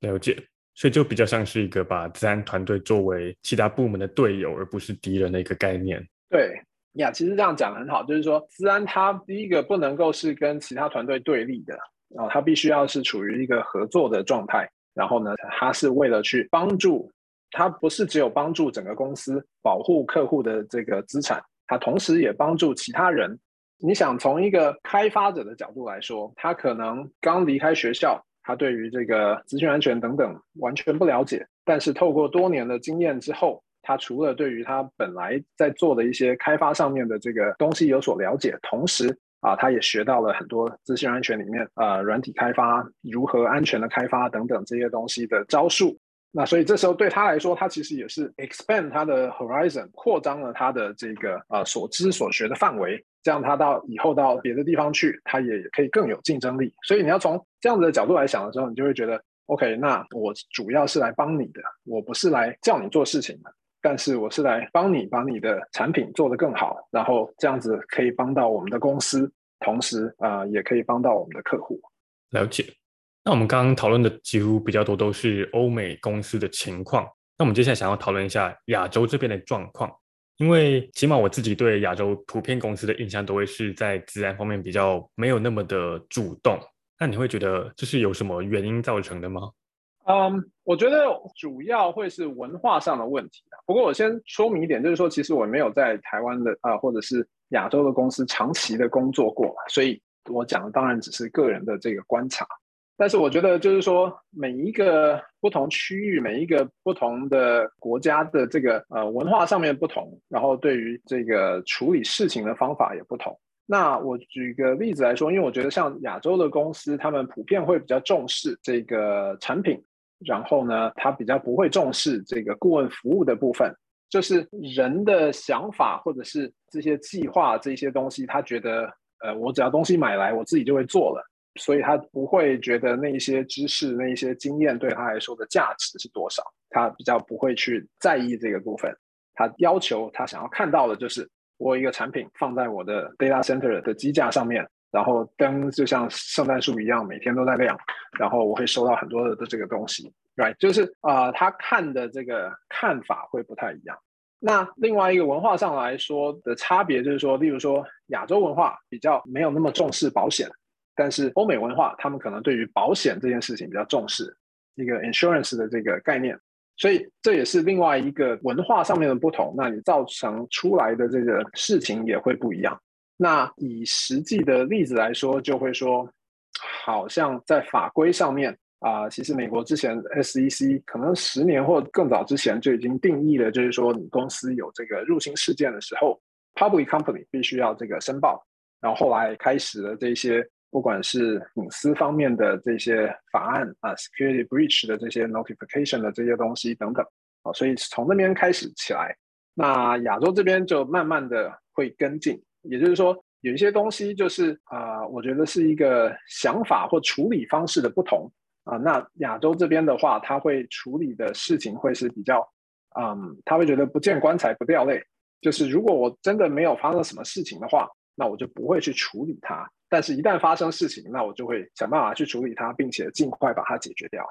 了解。所以就比較像是一個把資安團隊作為其他部門的隊友，而不是敵人的一個概念。對呀，其實這樣講很好，就是說資安它第一個不能夠是跟其他團隊對立的，然、呃、後它必須要是處於一個合作的狀態。然後呢，它是為了去幫助，他不是只有幫助整個公司保護客戶的這個資產，他同時也幫助其他人。你想從一個開發者的角度來說，他可能剛離開學校，他對於這個資訊安全等等完全不了解。但是透過多年的經驗之後，他除了對於他本來在做的一些開發上面的這個東西有所了解，同時啊，他也學到了很多資訊安全裡面啊、呃、軟體開發如何安全的開發等等這些東西的招數。那所以這時候對他來說，他其實也是 expand 他的 horizon，擴張了他的這個啊、呃、所知所學的範圍。讓他到以後到別的地方去，他也可以更有競爭力。所以你要從這樣子的角度來想的時候，你就會覺得，OK，那我主要是來幫你的，我不是來叫你做事情的，但是我是來幫你把你的產品做得更好，然後這樣子可以幫到我們的公司，同時啊、呃，也可以幫到我們的客戶。了解。那我們剛剛討論的幾乎比較多都是歐美公司的情況，那我們接下來想要討論一下亞洲這邊的狀況。因為起碼我自己對亞洲圖片公司的印象都會是在資安方面比較沒有那麼的主動，那你會覺得這是有什麼原因造成的嗎？嗯、um,，我覺得主要會是文化上的問題、啊、不過我先說明一點，就是說其實我沒有在台灣的啊、呃，或者是亞洲的公司長期的工作過，所以我講的當然只是個人的這個觀察。但是我覺得，就是說，每一個不同區域，每一個不同的國家的這個呃文化上面不同，然後對於這個處理事情的方法也不同。那我舉個例子來說，因為我覺得像亞洲的公司，他們普遍會比較重視這個產品，然後呢，他比較不會重視這個顧問服務的部分，就是人的想法或者是這些計劃這些東西，他覺得呃，我只要東西買來，我自己就會做了。所以他不會覺得那一些知識、那一些經驗對他來說的價值是多少，他比較不會去在意這個部分。他要求他想要看到的就是我有一個產品放在我的 data center 的機架上面，然後燈就像聖誕樹一樣每天都在亮，然後我會收到很多的這個東西，right？就是啊、呃，他看的這個看法會不太一樣。那另外一個文化上來說的差別就是說，例如說亞洲文化比較沒有那麼重視保險。但是歐美文化，他們可能對於保險這件事情比較重視，一個 insurance 的這個概念，所以這也是另外一個文化上面的不同。那你造成出來的這個事情也會不一樣。那以實際的例子來說，就會說，好像在法規上面啊、呃，其實美國之前 SEC 可能十年或更早之前就已經定義了，就是說你公司有這個入侵事件的時候，public company 必須要這個申報，然後後來開始了這些。不管是隱私方面的這些法案啊，security breach 的這些 notification 的這些東西等等，啊，所以從那邊開始起來，那亞洲這邊就慢慢的會跟進。也就是說，有一些東西就是啊、呃，我覺得是一個想法或處理方式的不同啊。那亞洲這邊的話，他會處理的事情會是比較，嗯，他會覺得不見棺材不掉淚，就是如果我真的沒有發生什麼事情的話，那我就不會去處理它。但是，一旦發生事情，那我就會想辦法去處理它，並且盡快把它解決掉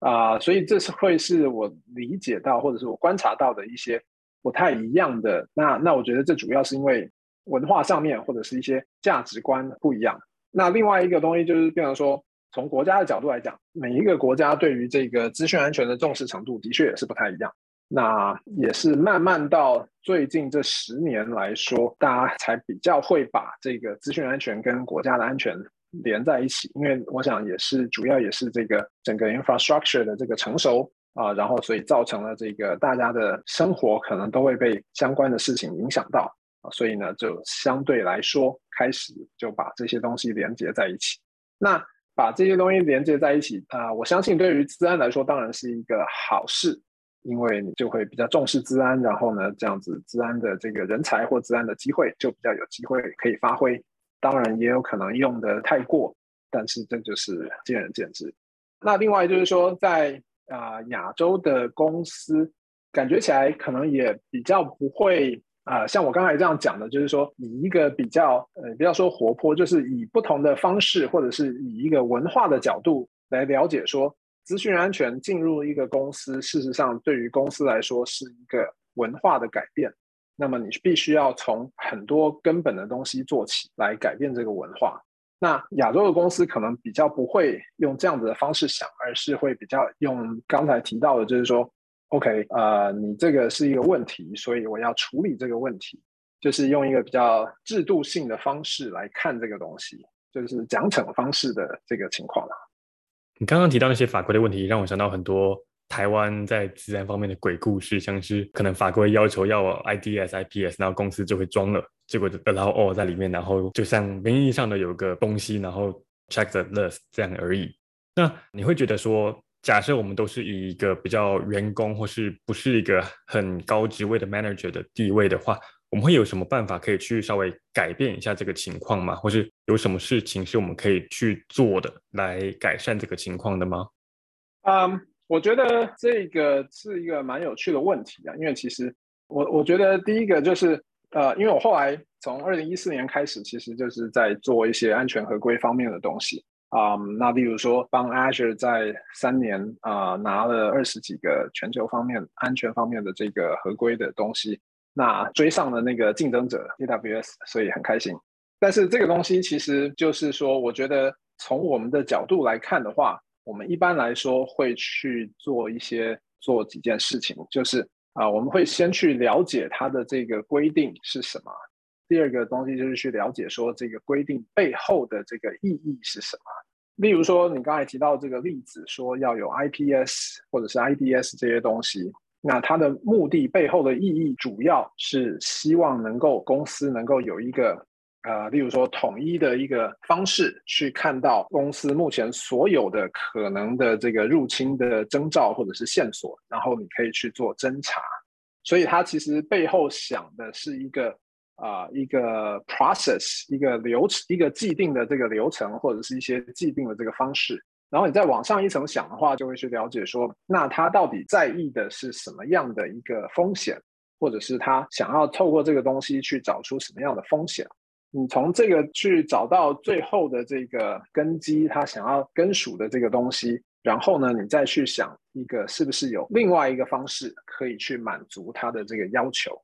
啊，呃。所以，這是會是我理解到或者是我觀察到的一些不太一樣的。那那我覺得這主要是因為文化上面或者是一些價值觀不一樣。那另外一個東西就是變成說，比方說從國家的角度來講，每一個國家對於這個資訊安全的重視程度，的確也是不太一樣。那也是慢慢到最近這十年來說，大家才比較會把這個資訊安全跟國家的安全連在一起，因為我想也是主要也是這個整個 infrastructure 的這個成熟啊，然後所以造成了這個大家的生活可能都會被相關的事情影響到啊，所以呢就相對來說開始就把這些東西連接在一起。那把這些東西連接在一起啊，我相信對於資安來說當然是一個好事。因為你就會比較重視資安，然後呢，這樣子資安的這個人才或資安的機會就比較有機會可以發揮。當然也有可能用的太過，但是這就是見仁見智。那另外就是說，在啊、呃、亞洲的公司，感覺起來可能也比較不會啊、呃，像我剛才這樣講的，就是說以一個比較呃，不要說活潑，就是以不同的方式，或者是以一個文化的角度來了解說。資訊安全進入一個公司，事實上對於公司來說是一個文化的改變。那麼你必須要從很多根本的東西做起，來改變這個文化。那亞洲的公司可能比較不會用這樣子的方式想，而是會比較用剛才提到的，就是說，OK，呃，你這個是一個問題，所以我要處理這個問題，就是用一個比較制度性的方式來看這個東西，就是獎懲方式的這個情況。你剛剛提到那些法規的問題，讓我想到很多台灣在資安方面的鬼故事，像是可能法規要求要 IDS、IPS，然後公司就會裝了，結果就 allow all 在裡面，然後就像名義上的有個東西，然後 check the list 這樣而已。那你會覺得說，假設我們都是以一個比較員工或是不是一個很高職位的 manager 的地位的話，我們會有什麼辦法可以去稍微改變一下這個情況嗎？或是有什麼事情是我們可以去做的來改善這個情況的嗎？嗯、um，我覺得這個是一個蠻有趣的問題啊，因為其實我我覺得第一個就是呃，因為我後來從二零一四年開始，其實就是在做一些安全合規方面的東西啊、嗯，那例如說幫 Azure 在三年啊、呃、拿了二十幾個全球方面安全方面的這個合規的東西。那追上了那個競爭者 AWS，所以很開心。但是這個東西其實就是說，我覺得從我們的角度來看的話，我們一般來說會去做一些做幾件事情，就是啊，我們會先去了解它的這個規定是什麼。第二個東西就是去了解說這個規定背後的這個意義是什麼。例如說，你剛才提到這個例子，說要有 IPS 或者是 IDS 這些東西。那他的目的背後的意義，主要是希望能夠公司能夠有一個，呃，例如說統一的一個方式去看到公司目前所有的可能的這個入侵的徵兆或者是線索，然後你可以去做偵查。所以他其實背後想的是一個，啊、呃，一個 process，一個流程，一個既定的這個流程或者是一些既定的這個方式。然後你再往上一層想的話，就會去了解說，那他到底在意的是什麼樣的一個風險，或者是他想要透過這個東西去找出什麼樣的風險。你從這個去找到最後的這個根基，他想要根屬的這個東西，然後呢，你再去想一個是不是有另外一個方式可以去滿足他的這個要求。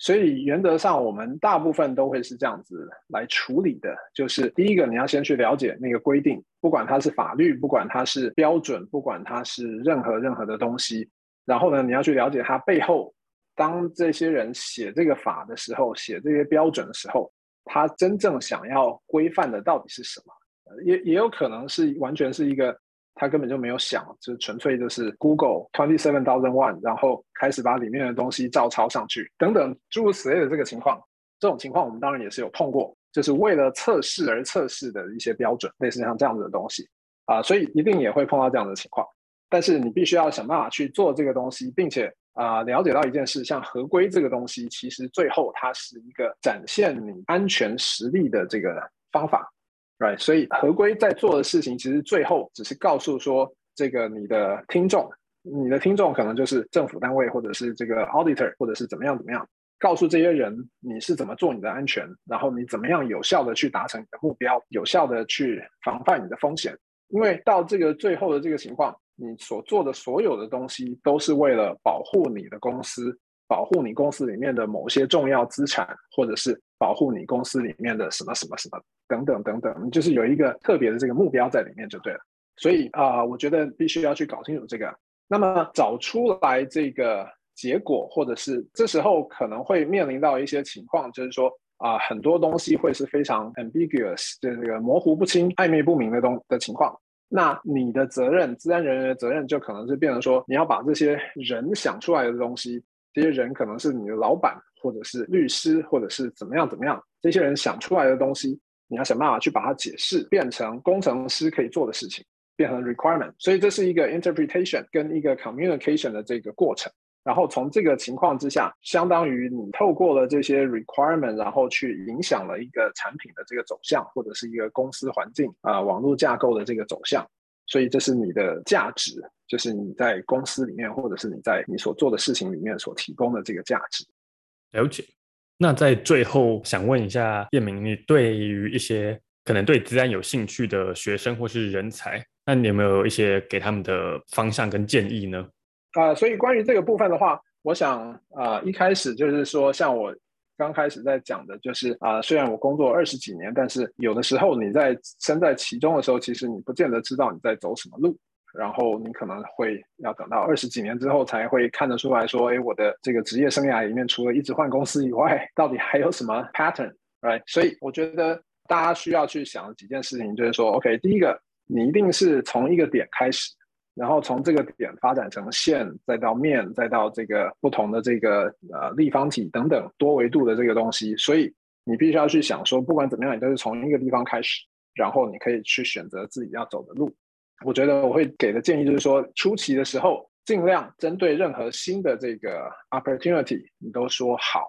所以原則上，我們大部分都會是這樣子來處理的，就是第一個，你要先去了解那個規定，不管它是法律，不管它是標準，不管它是任何任何的東西。然後呢，你要去了解它背後，當這些人寫這個法的時候，寫這些標準的時候，他真正想要規範的到底是什麼？也也有可能是完全是一個。他根本就沒有想，就是純粹就是 Google twenty seven thousand one，然後開始把裡面的東西照抄上去，等等諸如此類的這個情況，這種情況我們當然也是有碰過，就是為了測試而測試的一些標準，類似像這樣子的東西啊、呃，所以一定也會碰到這樣的情況，但是你必須要想辦法去做這個東西，並且啊、呃、了解到一件事，像合規這個東西，其實最後它是一個展現你安全實力的這個方法。Right, 所以合規在做的事情，其實最後只是告訴說，這個你的聽眾，你的聽眾可能就是政府單位，或者是這個 auditor，或者是怎麼樣怎麼樣，告訴這些人你是怎麼做你的安全，然後你怎麼樣有效的去達成你的目標，有效的去防範你的風險。因為到這個最後的這個情況，你所做的所有的東西都是為了保護你的公司，保護你公司裡面的某些重要資產，或者是。保護你公司裡面的什麼什麼什麼等等等等，就是有一個特別的這個目標在裡面就對了。所以啊、呃，我覺得必須要去搞清楚這個。那麼找出來這個結果，或者是這時候可能會面臨到一些情況，就是說啊、呃，很多東西會是非常 ambiguous，就是那個模糊不清、曖昧不明的東的情況。那你的責任，資安人員的責任，就可能是變成說，你要把這些人想出來的東西，這些人可能是你的老板。或者是律師，或者是怎麼樣怎麼樣，這些人想出來的東西，你要想辦法去把它解釋，變成工程師可以做的事情，變成 requirement。所以這是一個 interpretation 跟一個 communication 的這個過程。然後從這個情況之下，相當於你透過了這些 requirement，然後去影響了一個產品的這個走向，或者是一個公司環境啊、呃，網絡架構的這個走向。所以這是你的價值，就是你在公司裡面，或者是你在你所做的事情裡面所提供的這個價值。了解，那在最後想問一下葉明，你對於一些可能對資安有興趣的學生或是人才，那你有沒有一些給他們的方向跟建議呢？啊、呃，所以關於這個部分的話，我想啊、呃，一開始就是說，像我剛開始在講的，就是啊、呃，雖然我工作二十幾年，但是有的時候你在身在其中的時候，其實你不見得知道你在走什麼路。然後你可能會要等到二十幾年之後才會看得出來說，哎，我的這個職業生涯裡面，除了一直換公司以外，到底還有什麼 pattern，right？所以我覺得大家需要去想幾件事情，就是說，OK，第一個，你一定是從一個點開始，然後從這個點發展成線，再到面，再到這個不同的這個呃立方體等等多維度的這個東西，所以你必須要去想說，不管怎麼樣，你都是從一個地方開始，然後你可以去選擇自己要走的路。我覺得我會給的建議就是說，初期的時候盡量針對任何新的這個 opportunity，你都說好。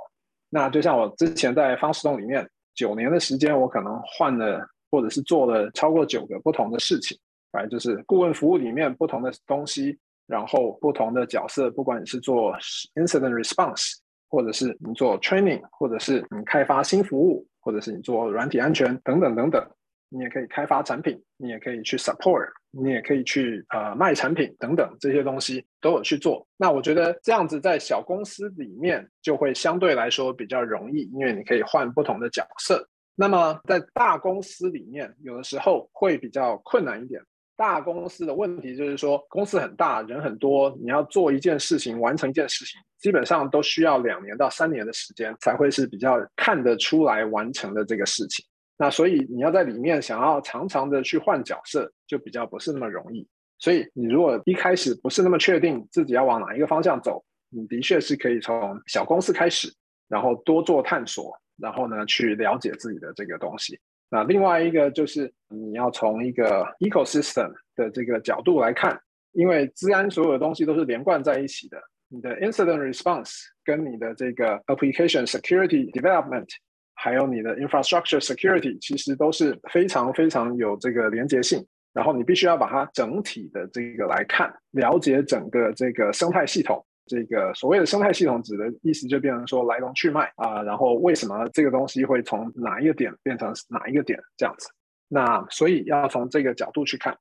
那就像我之前在 Foundstone 裡面，九年的時間，我可能換了或者是做了超過九個不同的事情，反正就是顧問服務裡面不同的東西，然後不同的角色，不管你是做 incident response，或者是你做 training，或者是你開發新服務，或者是你做軟體安全等等等等，等。你也可以開發產品，你也可以去 support，你也可以去呃賣產品等等，這些東西都有去做。那我覺得這樣子在小公司裡面就會相對來說比較容易，因為你可以換不同的角色。那麼在大公司裡面，有的時候會比較困難一點。大公司的問題就是說，公司很大，人很多，你要做一件事情，完成一件事情，基本上都需要兩年到三年的時間，才會是比較看得出來完成的這個事情。那所以你要在裡面想要常常的去換角色，就比較不是那麼容易。所以你如果一開始不是那麼確定自己要往哪一個方向走，你的確是可以從小公司開始，然後多做探索，然後呢去了解自己的這個東西。那另外一個就是你要從一個 ecosystem 的這個角度來看，因為資安所有的東西都是連貫在一起的，你的 incident response 跟你的這個 application security development。還有你的 infrastructure security，其實都是非常非常有這個連接性，然後你必須要把它整體的這個來看，了解整個這個生態系統。這個所謂的生態系統，指的意思就變成說來龍去脈啊、呃，然後為什麼這個東西會從哪一個點變成哪一個點這樣子？那所以要從這個角度去看。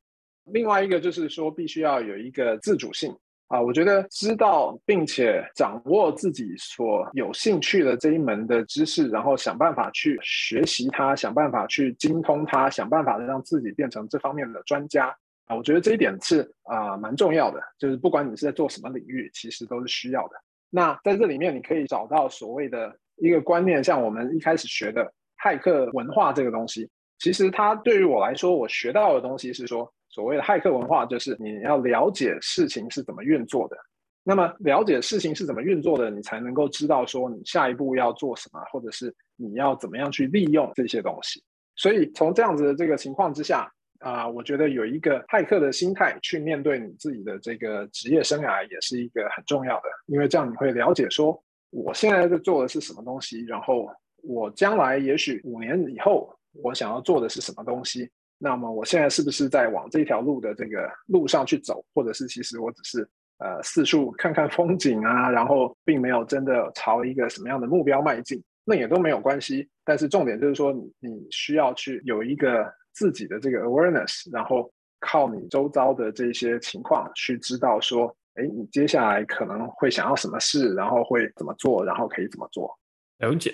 另外一個就是說，必須要有一個自主性。啊，我覺得知道並且掌握自己所有興趣的這一門的知識，然後想辦法去學習它，想辦法去精通它，想辦法讓自己變成這方面的專家啊，我覺得這一點是啊蠻重要的。就是不管你是在做什麼領域，其實都是需要的。那在這裡面，你可以找到所謂的一個觀念，像我們一開始學的駭客文化這個東西，其實它對於我來說，我學到的東西是說。所謂的駭客文化就是你要了解事情是怎麼運作的，那麼了解事情是怎麼運作的，你才能夠知道說你下一步要做什麼，或者是你要怎麼樣去利用這些東西。所以從這樣子的這個情況之下，啊，我覺得有一個駭客的心態去面對你自己的這個職業生涯也是一個很重要的，因為這樣你會了解說我現在在做的是什麼東西，然後我將來也許五年以後我想要做的是什麼東西。那麼我現在是不是在往這條路的這個路上去走，或者是其實我只是呃四處看看風景啊，然後並沒有真的朝一個什麼樣的目標邁進，那也都沒有關係。但是重點就是說你，你需要去有一個自己的這個 awareness，然後靠你周遭的這些情況去知道說，哎，你接下來可能會想要什麼事，然後會怎麼做，然後可以怎麼做。了解。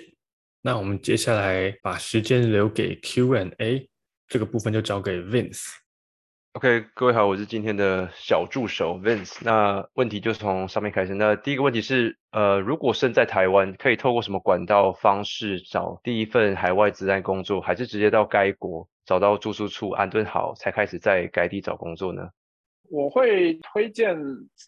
那我們接下來把時間留給 Q&A。這個部分就交給 Vince。OK，各位好，我是今天的小助手 Vince。那問題就是從上面開始。那第一個問題是，呃，如果身在台灣，可以透過什麼管道方式找第一份海外資安工作，還是直接到該國找到住宿處安頓好，才開始在該地找工作呢？我會推薦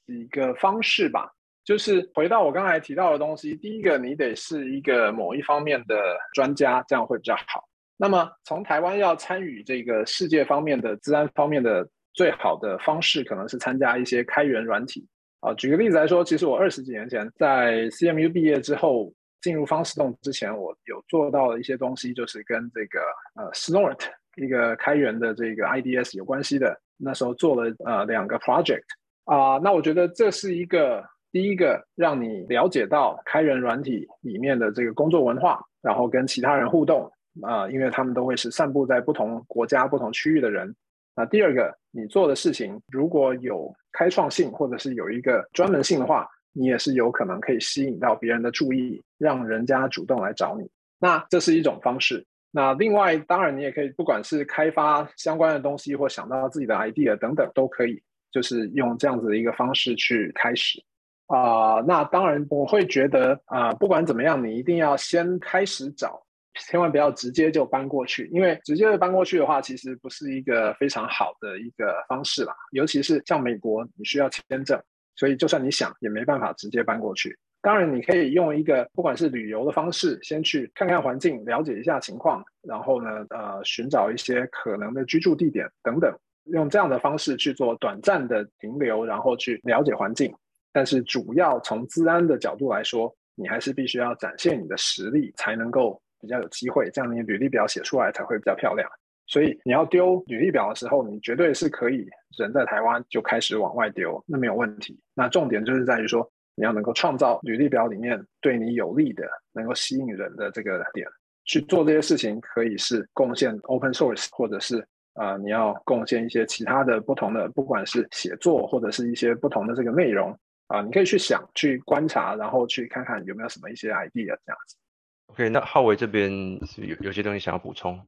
幾個方式吧，就是回到我剛才提到的東西。第一個，你得是一個某一方面的專家，這樣會比較好。那麼，從台灣要參與這個世界方面的、資安方面的最好的方式，可能是參加一些開源軟體啊。舉個例子來說，其實我二十幾年前在 CMU 畢業之後，進入 Foundstone 之前，我有做到的一些東西，就是跟這個呃 Snort 一個開源的這個 IDS 有關係的。那時候做了呃兩個 project 啊、呃。那我覺得這是一個第一個讓你了解到開源軟體裡面的這個工作文化，然後跟其他人互動。啊、呃，因為他們都會是散布在不同國家、不同區域的人。那、呃、第二個，你做的事情如果有開創性，或者是有一個專門性的話，你也是有可能可以吸引到別人的注意，讓人家主動來找你。那這是一種方式。那另外，當然你也可以，不管是開發相關的東西，或想到自己的 idea 等等，都可以，就是用這樣子的一個方式去開始。啊、呃，那當然我會覺得啊、呃，不管怎麼樣，你一定要先開始找。千萬不要直接就搬過去，因為直接的搬過去的話，其實不是一個非常好的一個方式啦。尤其是像美國，你需要簽證，所以就算你想也沒辦法直接搬過去。當然，你可以用一個不管是旅遊的方式，先去看看環境，了解一下情況，然後呢，呃，尋找一些可能的居住地點等等，用這樣的方式去做短暫的停留，然後去了解環境。但是主要從資安的角度來說，你還是必須要展現你的實力才能夠。比較有機會，這樣你履歷表寫出來才會比較漂亮。所以你要丟履歷表的時候，你絕對是可以人在台灣就開始往外丟，那沒有問題。那重點就是在於說，你要能夠創造履歷表裡面對你有利的、能夠吸引人的這個點，去做這些事情。可以是貢獻 open source，或者是啊、呃，你要貢獻一些其他的不同的，不管是寫作或者是一些不同的這個內容啊、呃，你可以去想、去觀察，然後去看看有沒有什麼一些 idea 這樣子。OK，那浩威這邊有有些東西想要補充。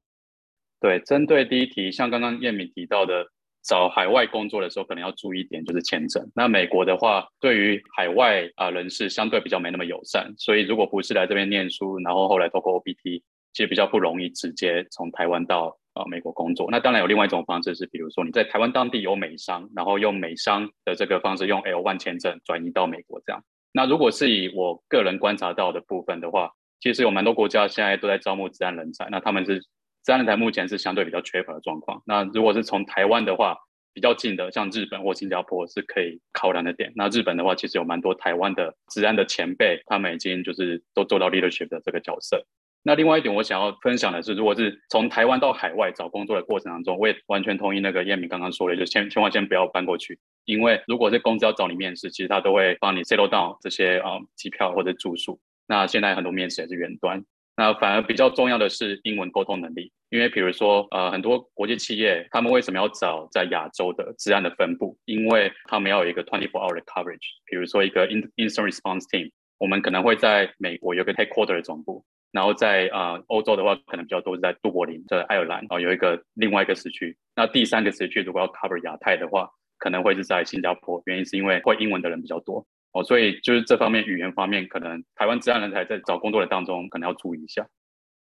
對，針對第一題，像剛剛燕敏提到的，找海外工作的時候，可能要注意一點就是簽證。那美國的話，對於海外啊、呃、人士相對比較沒那麼友善，所以如果不是來這邊念書，然後後來透過 OPT，其實比較不容易直接從台灣到啊、呃、美國工作。那當然有另外一種方式是，比如說你在台灣當地有美商，然後用美商的這個方式，用 L one 簽證轉移到美國這樣。那如果是以我個人觀察到的部分的話，其實有蠻多國家現在都在招募資安人才，那他們是資安人才目前是相對比較缺乏的狀況。那如果是從台灣的話，比較近的像日本或新加坡是可以考量的點。那日本的話，其實有蠻多台灣的資安的前輩，他們已經就是都做到 leadership 的這個角色。那另外一點我想要分享的是，如果是從台灣到海外找工作的過程當中，我也完全同意那個燕明剛剛說的，就千千萬先不要搬過去，因為如果是公司要找你面試，其實他都會幫你 schedule 到這些啊、呃、機票或者住宿。那現在很多面試也是遠端，那反而比較重要的是英文溝通能力，因為比如說，呃，很多國際企業他們為什麼要找在亞洲的資安的分部？因為他們要有一個 twenty four hour 的 coverage，比如說一個 in incident response team，我們可能會在美國有個 headquarters 的總部，然後在啊、呃、歐洲的話，可能比較多是在都柏林，在愛爾蘭，然、呃、後有一個另外一個時區，那第三個時區如果要 cover 亞太的話，可能會是在新加坡，原因是因為會英文的人比較多。哦，所以就是這方面語言方面，可能台灣資安人才在找工作的當中，可能要注意一下。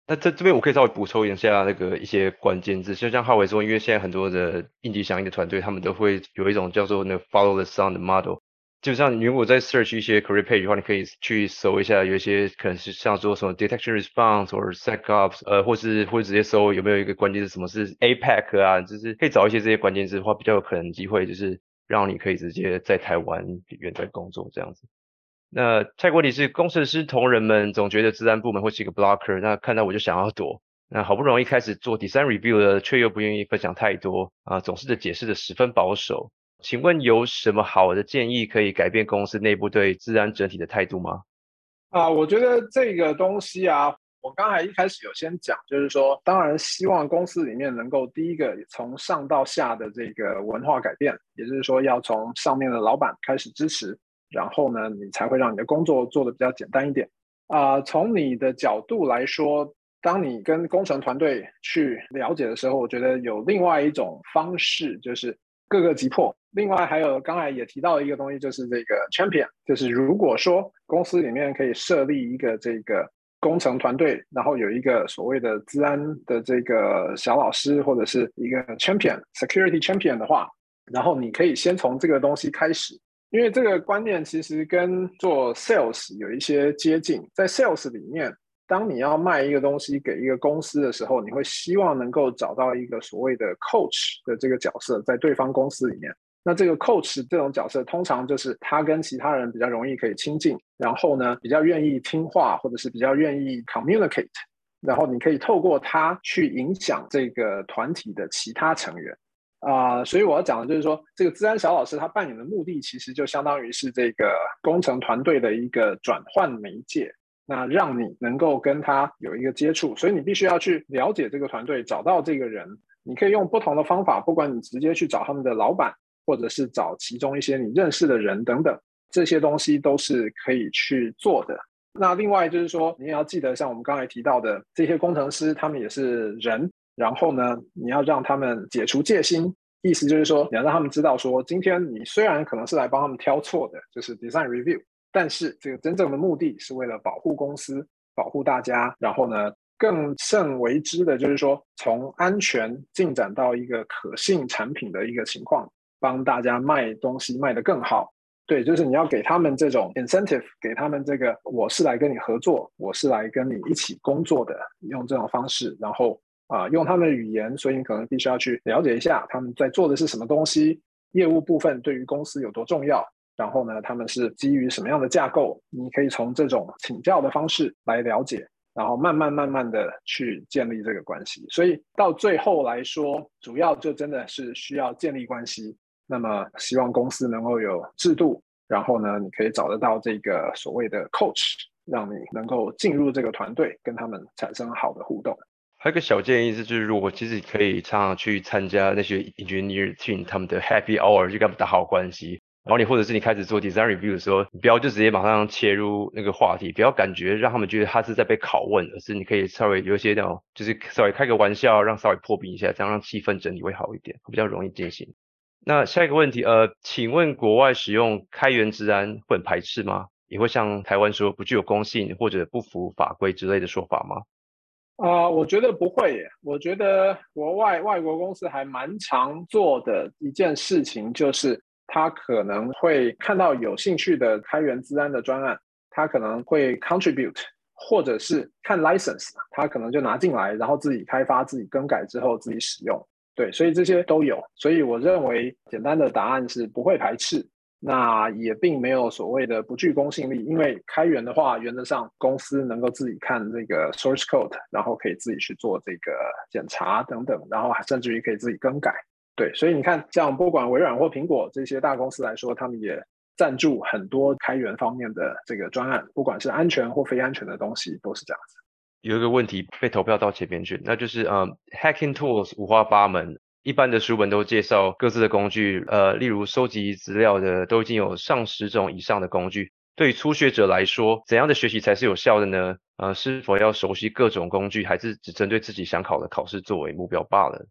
那這這邊我可以稍微補充一下那個一些關鍵字，就像浩偉說，因為現在很多的應急響應的團隊，他們都會有一種叫做那個 follow the sun 的 model。就像如果在 search 一些 career page 的話，你可以去搜一下有，有一些可能是像說什麼 detection response 或者 SecOps，呃，或是會直接搜有沒有一個關鍵字，什麼是 APAC 啊，就是可以找一些這些關鍵字的話，比較有可能機會就是。讓你可以直接在台灣遠端工作這樣子。那泰國理是工程師同仁們總覺得資安部門會是一個 blocker，那看到我就想要躲。那好不容易開始做 design review 的，卻又不願意分享太多啊，總是的解釋的十分保守。請問有什麼好的建議可以改變公司內部對資安整體的態度嗎？啊，我覺得這個東西啊。我剛才一開始有先講，就是說，當然希望公司裡面能夠第一個從上到下的這個文化改變，也就是說，要從上面的老板開始支持，然後呢，你才會讓你的工作做得比較簡單一點。啊、呃，從你的角度來說，當你跟工程團隊去了解的時候，我覺得有另外一種方式，就是各個擊破。另外還有剛才也提到一個東西，就是這個 champion，就是如果說公司裡面可以設立一個這個。工程團隊，然後有一個所謂的資安的這個小老師，或者是一個 champion security champion 的話，然後你可以先從這個東西開始，因為這個觀念其實跟做 sales 有一些接近。在 sales 裡面，當你要賣一個東西給一個公司的時候，你會希望能夠找到一個所謂的 coach 的這個角色，在對方公司裡面。那這個 coach 這種角色，通常就是他跟其他人比較容易可以親近，然後呢比較願意聽話，或者是比較願意 communicate，然後你可以透過他去影響這個團體的其他成員啊、呃。所以我要講的就是說，這個資安小老師他扮演的目的，其實就相當於是這個工程團隊的一個轉換媒介，那讓你能夠跟他有一個接觸。所以你必須要去了解這個團隊，找到這個人，你可以用不同的方法，不管你直接去找他們的老闆。或者是找其中一些你認識的人等等，這些東西都是可以去做的。那另外就是說，你也要記得，像我們剛才提到的這些工程師，他們也是人。然後呢，你要讓他們解除戒心，意思就是說，你要讓他們知道說，說今天你雖然可能是來幫他們挑錯的，就是 design review，但是這個真正的目的是為了保護公司、保護大家。然後呢，更甚為之的就是說，從安全進展到一個可信產品的一個情況。幫大家賣東西賣得更好，對，就是你要給他們這種 incentive，給他們這個我是來跟你合作，我是來跟你一起工作的，用這種方式，然後啊、呃，用他們的語言，所以你可能必須要去了解一下他們在做的是什麼東西，業務部分對於公司有多重要，然後呢，他們是基於什麼樣的架構，你可以從這種請教的方式來了解，然後慢慢慢慢的去建立這個關係，所以到最後來說，主要就真的是需要建立關係。那麼希望公司能夠有制度，然後呢，你可以找得到這個所謂的 coach，讓你能夠進入這個團隊，跟他們產生好的互動。還有一個小建議是，就是如果其實你可以常常去參加那些 engineer team 他們的 happy hour，就跟他們打好關係。然後你或者是你開始做 design review 的時候，你不要就直接馬上切入那個話題，不要感覺讓他們覺得他是在被拷問，而是你可以稍微有一些那種，就是稍微開個玩笑，讓稍微破冰一下，這樣讓氣氛整體會好一點，比較容易進行。那下一個問題，呃，請問國外使用開源資安會排斥嗎？也會像台灣說不具有公信或者不符法規之類的說法嗎？啊、呃，我覺得不會耶。我覺得國外外國公司還蠻常做的一件事情，就是他可能會看到有興趣的開源資安的專案，他可能會 contribute，或者是看 license，他可能就拿進來，然後自己開發、自己更改之後自己使用。對，所以這些都有，所以我認為簡單的答案是不會排斥，那也並沒有所謂的不具公信力，因為開源的話，原則上公司能夠自己看這個 source code，然後可以自己去做這個檢查等等，然後甚至於可以自己更改。對，所以你看，像不管微軟或蘋果這些大公司來說，他們也贊助很多開源方面的這個專案，不管是安全或非安全的東西，都是這樣子。有一個問題被投票到前面去，那就是嗯 Hacking Tools 五花八門，一般的書本都介紹各自的工具，呃，例如收集資料的都已經有上十種以上的工具。對初學者來說，怎樣的學習才是有效的呢？呃，是否要熟悉各種工具，還是只針對自己想考的考試作為目標罷了？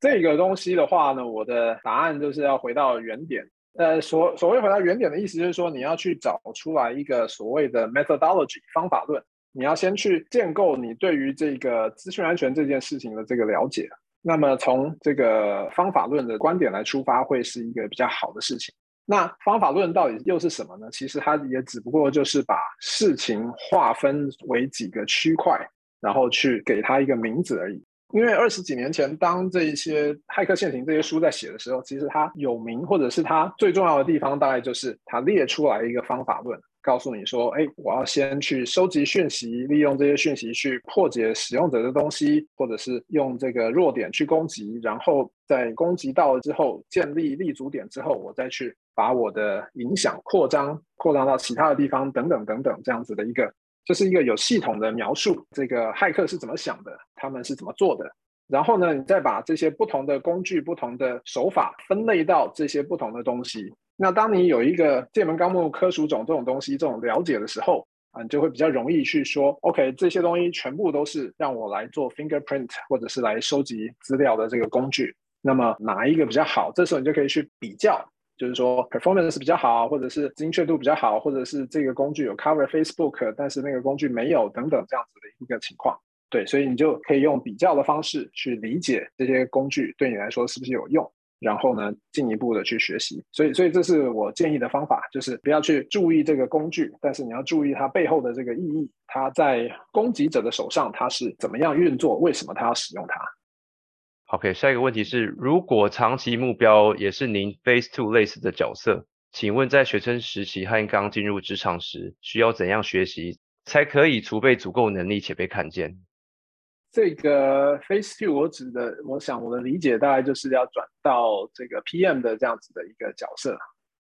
這個東西的話呢，我的答案就是要回到原點。呃，所所謂回到原點的意思就是說，你要去找出來一個所謂的 methodology，方法論。你要先去建構你對於這個資訊安全這件事情的這個了解，那麼從這個方法論的觀點來出發，會是一個比較好的事情。那方法論到底又是什麼呢？其實它也只不過就是把事情劃分為幾個區塊，然後去給它一個名字而已。因為二十幾年前，當這一些駭客現形這些書在寫的時候，其實它有名或者是它最重要的地方，大概就是它列出來一個方法論。告訴你說，哎，我要先去收集訊息，利用這些訊息去破解使用者的東西，或者是用這個弱點去攻擊，然後在攻擊到了之後建立立足點之後，我再去把我的影響擴張，擴張到其他的地方，等等等等，這樣子的一個，這、就是一個有系統的描述，這個駭客是怎麼想的，他們是怎麼做的。然後呢，你再把這些不同的工具、不同的手法分類到這些不同的東西。那當你有一個《界門綱目科屬種》這種東西、這種了解的時候，啊，你就會比較容易去說，OK，這些東西全部都是讓我來做 fingerprint，或者是來收集資料的這個工具。那麼哪一個比較好？這時候你就可以去比較，就是說 performance 比較好，或者是精確度比較好，或者是這個工具有 cover Facebook，但是那個工具沒有等等這樣子的一個情況。對，所以你就可以用比較的方式去理解這些工具對你來說是不是有用。然後呢，進一步的去學習，所以，所以這是我建議的方法，就是不要去注意這個工具，但是你要注意它背後的這個意義，它在攻擊者的手上，它是怎麼樣運作，為什麼它要使用它。OK，下一個問題是，如果長期目標也是您 Phase Two 類似的角色，請問在學生時期和剛進入職場時，需要怎樣學習才可以儲備足夠能力且被看見？這個 phase two 我指的，我想我的理解大概就是要轉到這個 PM 的這樣子的一個角色，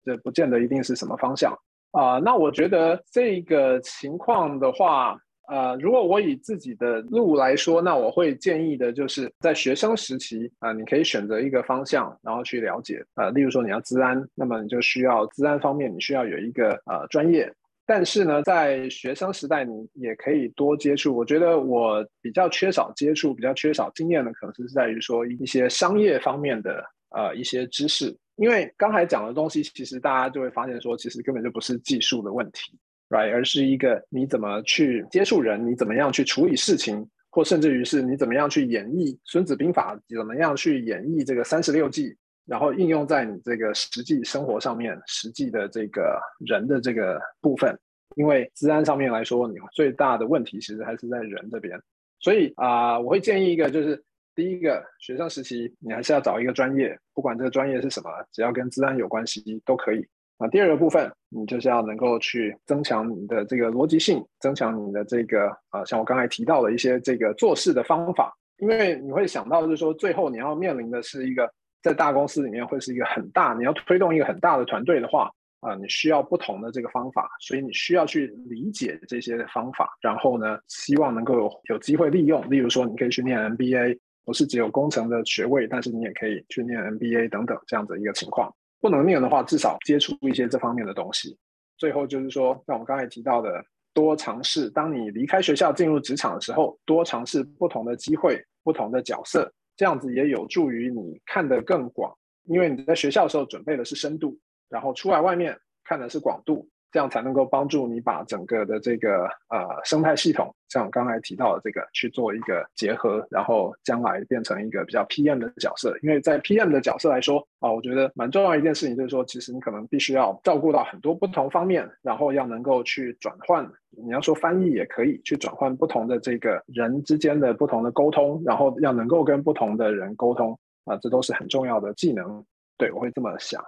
這不見得一定是什麼方向啊、呃。那我覺得這個情況的話，呃，如果我以自己的路來說，那我會建議的就是在學生時期啊、呃，你可以選擇一個方向，然後去了解啊、呃，例如說你要資安，那麼你就需要資安方面，你需要有一個呃專業。但是呢，在學生時代，你也可以多接觸。我覺得我比較缺少接觸，比較缺少經驗的，可能是在於說一些商業方面的呃一些知識。因為剛才講的東西，其實大家就會發現說，其實根本就不是技術的問題，right？而是一個你怎麼去接觸人，你怎麼樣去處理事情，或甚至於是你怎麼樣去演繹《孫子兵法》，怎麼樣去演繹這個三十六計。然後應用在你這個實際生活上面，實際的這個人的這個部分，因為資安上面來說，你最大的問題其實還是在人這邊。所以啊、呃，我會建議一個，就是第一個，學生時期，你還是要找一個專業，不管這個專業是什麼，只要跟資安有關係都可以。啊，第二個部分，你就是要能夠去增強你的這個邏輯性，增強你的這個啊、呃，像我剛才提到的一些這個做事的方法，因為你會想到就是說，最後你要面臨的是一個。在大公司裡面會是一個很大，你要推動一個很大的團隊的話，啊、呃，你需要不同的這個方法，所以你需要去理解這些方法，然後呢，希望能夠有機會利用，例如說你可以去念 MBA，不是只有工程的學位，但是你也可以去念 MBA 等等這樣的一個情況。不能念的話，至少接觸一些這方面的東西。最後就是說，像我們剛才提到的，多嘗試。當你離開學校進入職場的時候，多嘗試不同的機會、不同的角色。這樣子也有助於你看得更廣，因為你在學校的時候準備的是深度，然後出來外面看的是廣度。這樣才能夠幫助你把整個的這個呃生態系統，像我剛才提到的這個去做一個結合，然後將來變成一個比較 PM 的角色。因為在 PM 的角色來說啊，我覺得蠻重要的一件事情就是說，其實你可能必須要照顧到很多不同方面，然後要能夠去轉換。你要說翻譯也可以去轉換不同的這個人之間的不同的溝通，然後要能夠跟不同的人溝通啊，這都是很重要的技能。對，我會這麼想。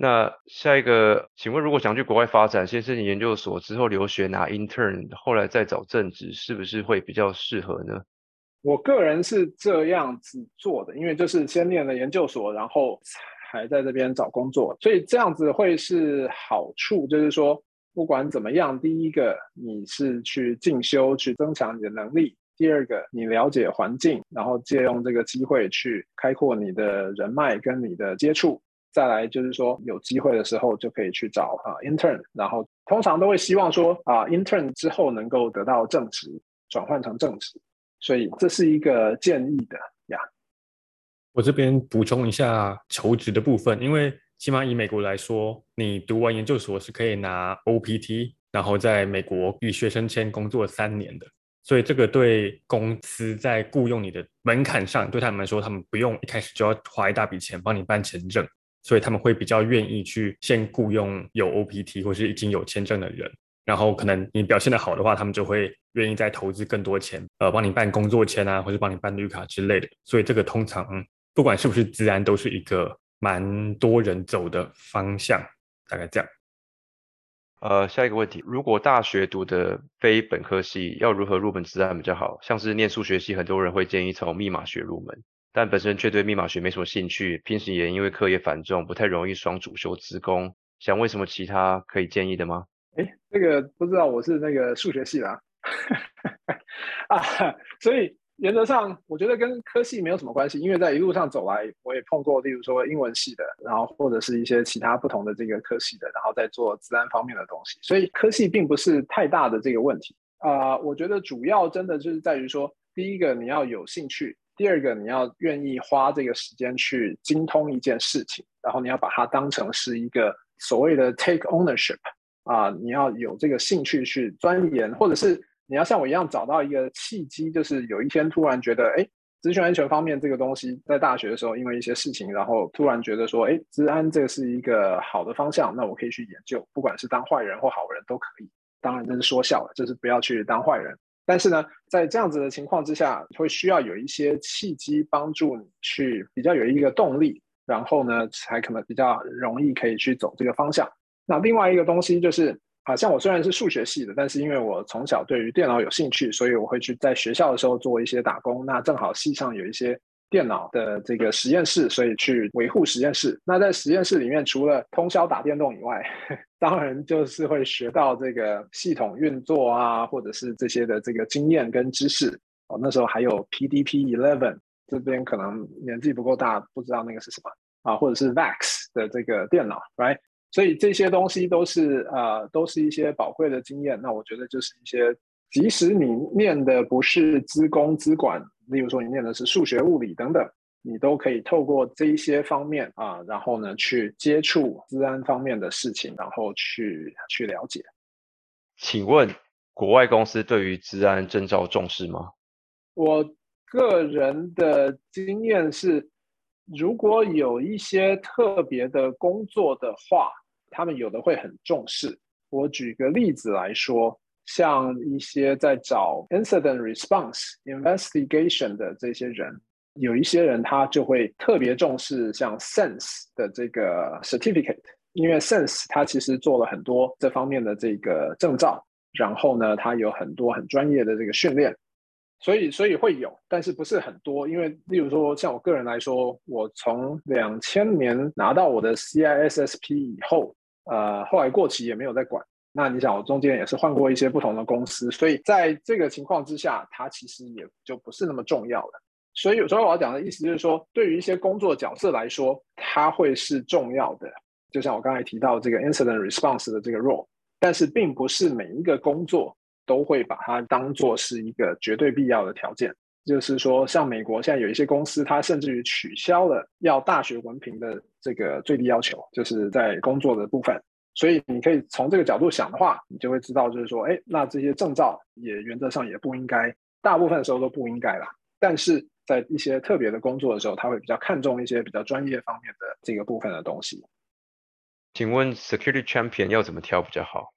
那下一個，請問如果想去國外發展，先申請研究所，之後留學拿 intern，後來再找正職，是不是會比較適合呢？我個人是這樣子做的，因為就是先念了研究所，然後才在這邊找工作，所以這樣子會是好處，就是說不管怎麼樣，第一個你是去進修，去增強你的能力；第二個你了解環境，然後借用這個機會去開闊你的人脈跟你的接觸。再來就是說，有機會的時候就可以去找啊 intern，然後通常都會希望說啊 intern 之後能夠得到正職，轉換成正職，所以這是一個建議的呀。Yeah. 我這邊補充一下求職的部分，因為起碼以美國來說，你讀完研究所是可以拿 OPT，然後在美國與學生簽工作三年的，所以這個對公司在雇傭你的門檻上，對他們來說，他們不用一開始就要花一大筆錢幫你辦簽證。所以他們會比較願意去先僱傭有 OPT 或是已經有簽證的人，然後可能你表現得好的話，他們就會願意再投資更多錢，呃，幫你辦工作簽啊，或是幫你辦綠卡之類的。所以這個通常不管是不是資安，都是一個蠻多人走的方向，大概這樣。呃，下一個問題，如果大學讀的非本科系，要如何入本資安比較好？像是念數學系，很多人會建議從密碼學入門。但本身卻對密碼學沒什麼興趣，平時也因為課業繁重，不太容易雙主修資工。想問，為什麼其他可以建議的嗎？哎，這、那個不知道我是那個數學系的， (laughs) 啊，所以原則上我覺得跟科系沒有什麼關係，因為在一路上走來，我也碰過，例如說英文系的，然後或者是一些其他不同的這個科系的，然後在做資安方面的東西，所以科系並不是太大的這個問題啊、呃。我覺得主要真的就是在於說，第一個你要有興趣。第二個，你要願意花這個時間去精通一件事情，然後你要把它當成是一個所謂的 take ownership，啊、呃，你要有這個興趣去鑽研，或者是你要像我一樣找到一個契機，就是有一天突然覺得，哎，資訊安全方面這個東西，在大學的時候因為一些事情，然後突然覺得說，哎，資安這是一個好的方向，那我可以去研究，不管是當壞人或好人都可以。當然這是說笑了，就是不要去當壞人。但是呢，在這樣子的情況之下，會需要有一些契機幫助你去比較有一個動力，然後呢，才可能比較容易可以去走這個方向。那另外一個東西就是，啊，像我雖然是數學系的，但是因為我從小對於電腦有興趣，所以我會去在學校的時候做一些打工，那正好系上有一些。電腦的這個實驗室，所以去維護實驗室。那在實驗室裡面，除了通宵打電動以外，當然就是會學到這個系統運作啊，或者是這些的這個經驗跟知識。哦，那時候還有 PDP-11 這邊可能年紀不夠大，不知道那個是什麼啊，或者是 VAX 的這個電腦，right？所以這些東西都是呃，都是一些寶貴的經驗。那我覺得就是一些，即使你念的不是資工、資管。例如說，你念的是數學、物理等等，你都可以透過這些方面啊，然後呢，去接觸資安方面的事情，然後去去了解。請問，國外公司對於資安證照重視嗎？我個人的經驗是，如果有一些特別的工作的話，他們有的會很重視。我舉個例子來說。像一些在找 incident response investigation 的這些人，有一些人他就會特別重視像 Sense 的這個 certificate，因為 Sense 他其實做了很多這方面的這個證照，然後呢，他有很多很專業的這個訓練，所以所以會有，但是不是很多，因為例如說像我個人來說，我從兩千年拿到我的 CISSP 以後，呃，後來過期也沒有再管。那你想，我中間也是換過一些不同的公司，所以在這個情況之下，它其實也就不是那麼重要了。所以有時候我要講的意思就是說，對於一些工作角色來說，它會是重要的，就像我剛才提到這個 incident response 的這個 role，但是並不是每一個工作都會把它當作是一個絕對必要的條件。就是說，像美國現在有一些公司，它甚至於取消了要大學文憑的這個最低要求，就是在工作的部分。所以你可以從這個角度想的話，你就會知道，就是說，哎，那這些證照也原則上也不應該，大部分的時候都不應該啦。但是在一些特別的工作的時候，他會比較看重一些比較專業方面的這個部分的東西。請問，Security Champion 要怎麼挑比較好？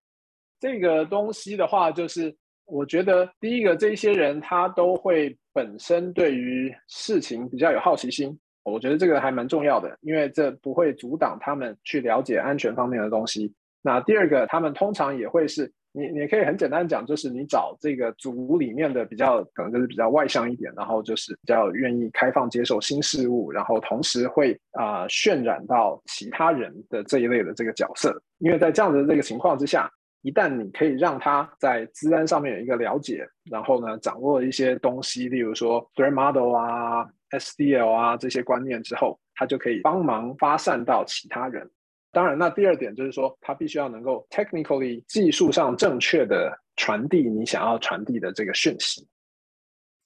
這個東西的話，就是我覺得第一個，這些人他都會本身對於事情比較有好奇心。我覺得這個還蠻重要的，因為這不會阻擋他們去了解安全方面的東西。那第二個，他們通常也會是，你你可以很簡單的講，就是你找這個組裡面的比較，可能就是比較外向一點，然後就是比較願意開放接受新事物，然後同時會啊、呃、渲染到其他人的這一類的這個角色。因為在這樣的這個情況之下。一旦你可以讓他在資安上面有一個了解，然後呢，掌握一些東西，例如說 threat model 啊、SDL 啊這些觀念之後，他就可以幫忙發散到其他人。當然，那第二點就是說，他必須要能夠 technically 技術上正確的傳遞你想要傳遞的這個訊息。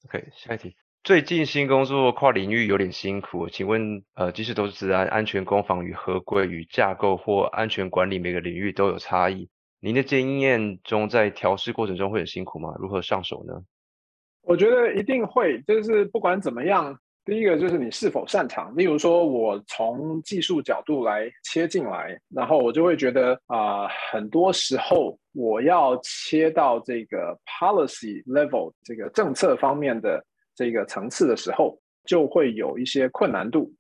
OK，下一題，最近新工作跨領域有點辛苦，請問，呃，即使都是資安，安全攻防與合規與架構或安全管理，每個領域都有差異。您的經驗中，在調試過程中會很辛苦嗎？如何上手呢？我覺得一定會，就是不管怎麼樣，第一個就是你是否擅長。例如說，我從技術角度來切進來，然後我就會覺得啊、呃，很多時候我要切到這個 policy level 這個政策方面的這個層次的時候，就會有一些困難度，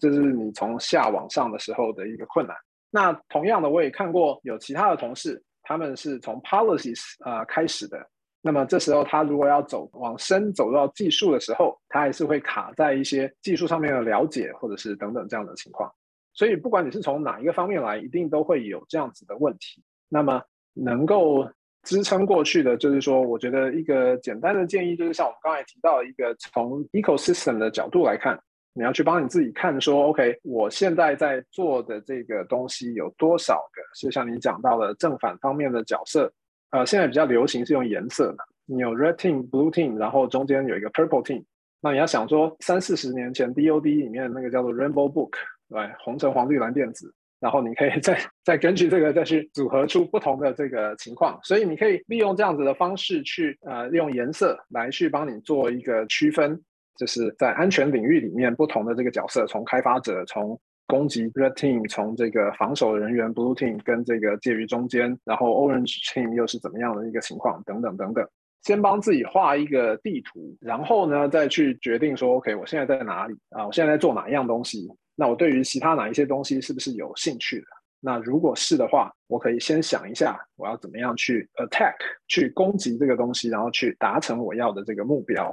就是你從下往上的時候的一個困難。那同樣的，我也看過有其他的同事。他們是從 policies 啊、呃、開始的，那麼這時候他如果要走，往深走到技術的時候，他還是會卡在一些技術上面的了解，或者是等等這樣的情況。所以不管你是從哪一個方面來，一定都會有這樣子的問題。那麼能夠支撐過去的就是說，我覺得一個簡單的建議就是像我們剛才提到一個從 ecosystem 的角度來看。你要去幫你自己看說，說 OK，我現在在做的這個東西有多少個？就像你講到的正反方面的角色，呃，現在比較流行是用顏色的，你有 Red Team、Blue Team，然後中間有一個 Purple Team。那你要想說三四十年前 DOD 裡面那個叫做 Rainbow Book，對，紅橙黃綠藍靛紫，然後你可以再再根據這個再去組合出不同的這個情況，所以你可以利用這樣子的方式去呃利用顏色來去幫你做一個區分。就是在安全領域裡面，不同的這個角色，從開發者，從攻擊 Red Team，從這個防守人員 Blue Team，跟這個介於中間，然後 Orange Team 又是怎麼樣的一個情況等等等等。先幫自己畫一個地圖，然後呢，再去決定說，OK，我現在在哪裡啊？我現在在做哪一樣東西？那我對於其他哪一些東西是不是有興趣的？那如果是的話，我可以先想一下，我要怎麼樣去 Attack，去攻擊這個東西，然後去達成我要的這個目標。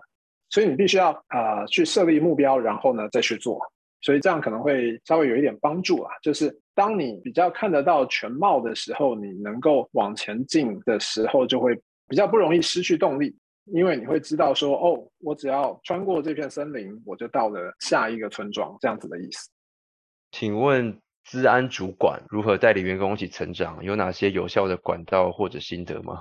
所以你必須要啊、呃，去設立目標，然後呢再去做，所以這樣可能會稍微有一點幫助啊。就是當你比較看得到全貌的時候，你能夠往前進的時候，就會比較不容易失去動力，因為你會知道說，哦，我只要穿過這片森林，我就到了下一個村莊，這樣子的意思。請問資安主管如何帶領員工一起成長，有哪些有效的管道或者心得嗎？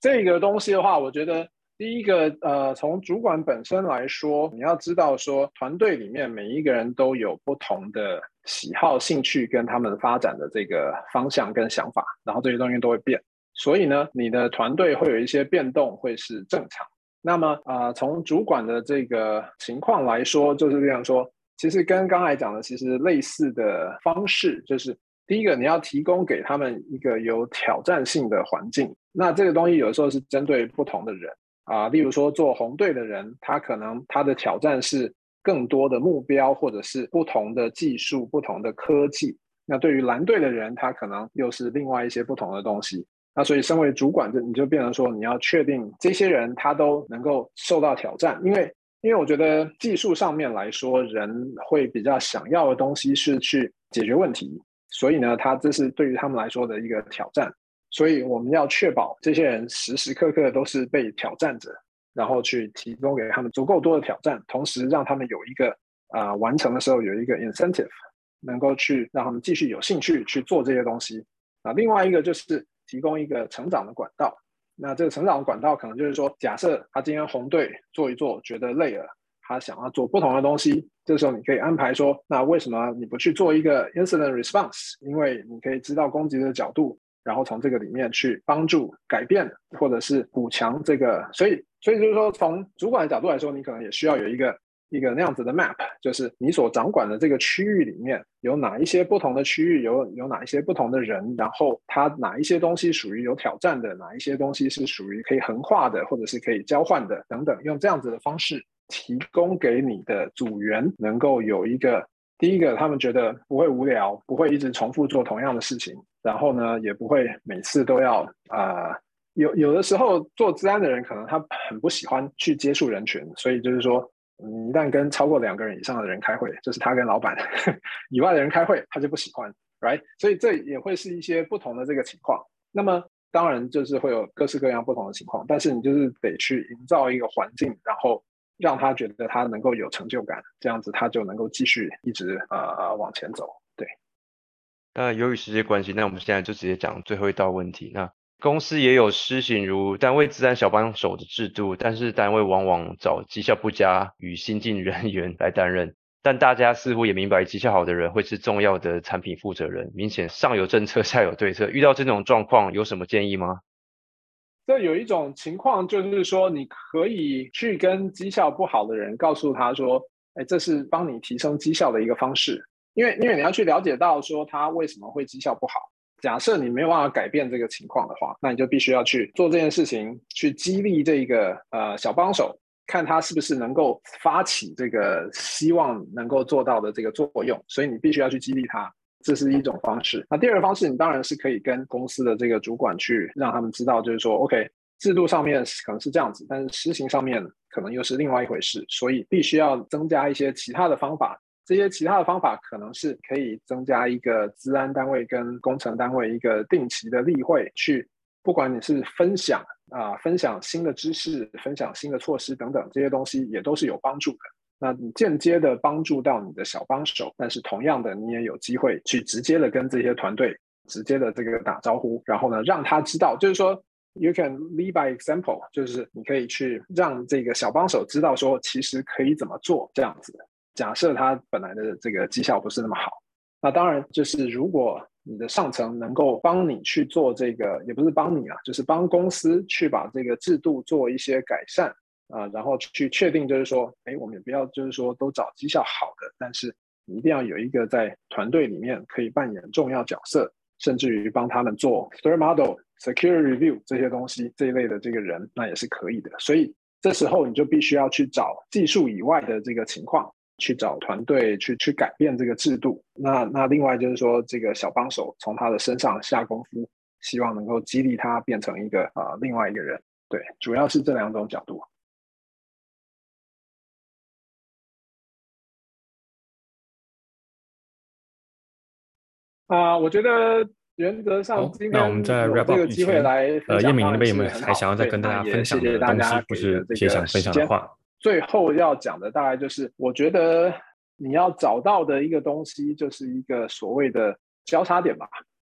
這個東西的話，我覺得。第一個，呃，從主管本身來說，你要知道說，團隊裡面每一個人都有不同的喜好、興趣跟他們發展的這個方向跟想法，然後這些東西都會變，所以呢，你的團隊會有一些變動，會是正常。那麼，啊、呃，從主管的這個情況來說，就是這樣說，其實跟剛才講的其實類似的方式，就是第一個，你要提供給他們一個有挑戰性的環境，那這個東西有的時候是針對不同的人。啊，例如說做紅隊的人，他可能他的挑戰是更多的目標，或者是不同的技術、不同的科技。那對於藍隊的人，他可能又是另外一些不同的東西。那所以身為主管，就你就變成說，你要確定這些人他都能夠受到挑戰，因為因為我覺得技術上面來說，人會比較想要的東西是去解決問題，所以呢，他這是對於他們來說的一個挑戰。所以我們要確保這些人時時刻刻都是被挑戰著，然後去提供給他們足夠多的挑戰，同時讓他們有一個啊、呃、完成的時候有一個 incentive，能夠去讓他們繼續有興趣去做這些東西。啊，另外一個就是提供一個成長的管道。那這個成長的管道可能就是說，假設他今天紅隊做一做覺得累了，他想要做不同的東西，這時候你可以安排說，那為什麼你不去做一個 incident response？因為你可以知道攻擊的角度。然後從這個裡面去幫助改變，或者是補強這個，所以所以就是說，從主管的角度來說，你可能也需要有一個一個那樣子的 map，就是你所掌管的這個區域裡面有哪一些不同的區域，有有哪一些不同的人，然後他哪一些東西屬於有挑戰的，哪一些東西是屬於可以橫跨的，或者是可以交換的等等，用這樣子的方式提供給你的組員，能夠有一個第一個，他們覺得不會無聊，不會一直重複做同樣的事情。然後呢，也不會每次都要啊、呃，有有的時候做資安的人可能他很不喜歡去接觸人群，所以就是說，你一旦跟超過兩個人以上的人開會，就是他跟老板以外的人開會，他就不喜歡，right？所以這也會是一些不同的這個情況。那麼當然就是會有各式各樣不同的情況，但是你就是得去營造一個環境，然後讓他覺得他能夠有成就感，這樣子他就能夠繼續一直啊、呃、往前走。那由於時間關係，那我們現在就直接講最後一道問題。那公司也有施行如單位資安小幫手的制度，但是單位往往找績效不佳與新進人員來擔任。但大家似乎也明白，績效好的人會是重要的產品負責人。明顯上有政策，下有對策。遇到這種狀況，有什麼建議嗎？這有一種情況，就是說你可以去跟績效不好的人告訴他說：“欸，這是幫你提升績效的一個方式。”因為，因為你要去了解到說他為什麼會績效不好。假設你沒有辦法改變這個情況的話，那你就必須要去做這件事情，去激勵這一個呃小幫手，看他是不是能夠發起這個希望能夠做到的這個作用。所以你必須要去激勵他，這是一種方式。那第二個方式，你當然是可以跟公司的這個主管去讓他們知道，就是說，OK，制度上面是可能是這樣子，但是實行上面可能又是另外一回事，所以必須要增加一些其他的方法。這些其他的方法可能是可以增加一個資安單位跟工程單位一個定期的例會，去不管你是分享啊、呃，分享新的知識，分享新的措施等等，這些東西也都是有幫助的。那你間接的幫助到你的小幫手，但是同樣的，你也有機會去直接的跟這些團隊直接的這個打招呼，然後呢，讓他知道，就是說，you can lead by example，就是你可以去讓這個小幫手知道說，其實可以怎麼做這樣子。假設他本來的這個績效不是那麼好，那當然就是如果你的上層能夠幫你去做這個，也不是幫你啊，就是幫公司去把這個制度做一些改善啊、呃，然後去確定就是說，哎，我們也不要就是說都找績效好的，但是你一定要有一個在團隊裡面可以扮演重要角色，甚至於幫他們做 threat model security review 這些東西這一類的這個人，那也是可以的。所以這時候你就必須要去找技術以外的這個情況。去找團隊去去改變這個制度。那那另外就是說，這個小幫手，從他的身上下功夫，希望能夠激勵他變成一個啊、呃、另外一個人。對，主要是這兩種角度。啊、嗯呃，我覺得原則上、哦、那我們在這個機會來呃 YM 那邊有沒有還想要再跟大家分享的東西，或是這些想分享的話？最後要講的大概就是，我覺得你要找到的一個東西，就是一個所謂的交叉點吧，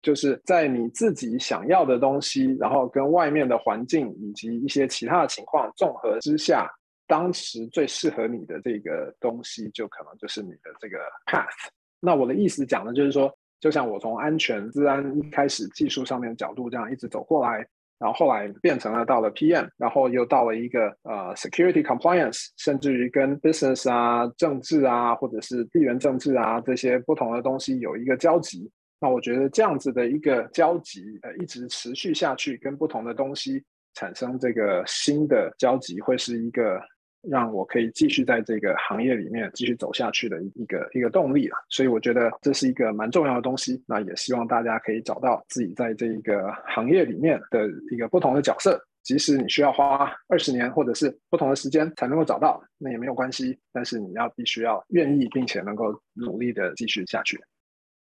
就是在你自己想要的東西，然後跟外面的環境以及一些其他的情況綜合之下，當時最適合你的這個東西，就可能就是你的這個 path。那我的意思講的就是說，就像我從安全、治安一開始技術上面的角度這樣一直走過來。然後後來變成了到了 PM，然後又到了一個呃 security compliance，甚至於跟 business 啊、政治啊，或者是地緣政治啊，這些不同的東西有一個交集。那我覺得這樣子的一個交集，呃，一直持續下去，跟不同的東西產生這個新的交集，會是一個讓我可以繼續在這個行業裡面繼續走下去的一個一個動力了啊，所以我覺得這是一個蠻重要的東西。那也希望大家可以找到自己在這一個行業裡面的一個不同的角色，即使你需要花二十年或者是不同的時間才能夠找到，那也沒有關係。但是你要必須要願意並且能夠努力的繼續下去。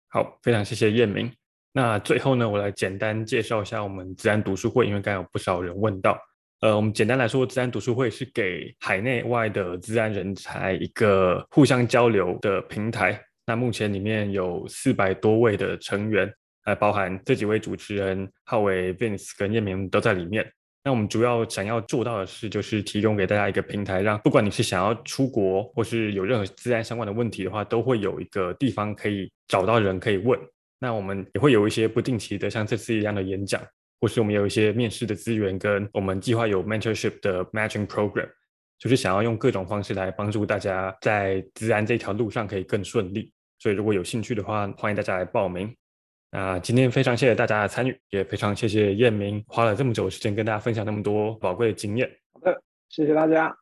好，非常謝謝 YM。那最後呢，我來簡單介紹一下我們資安讀書會，因為剛有不少人問到。呃，我們簡單來說，資安讀書會是給海內外的資安人才一個互相交流的平台。那目前裡面有四百多位的成員，還、呃、包含這幾位主持人浩偉、Vince 跟葉明都在裡面。那我們主要想要做到的是，就是提供給大家一個平台，讓不管你是想要出國，或是有任何資安相關的問題的話，都會有一個地方可以找到人可以問。那我們也會有一些不定期的，像這次一樣的演講。或是我們有一些面試的資源，跟我們計劃有 mentorship 的 matching program，就是想要用各種方式來幫助大家在資安這條路上可以更順利。所以如果有興趣的話，歡迎大家來報名。啊、呃，今天非常謝謝大家的參與，也非常謝謝 YM 花了這麼久的時間跟大家分享那麼多寶貴的經驗。好的，謝謝大家。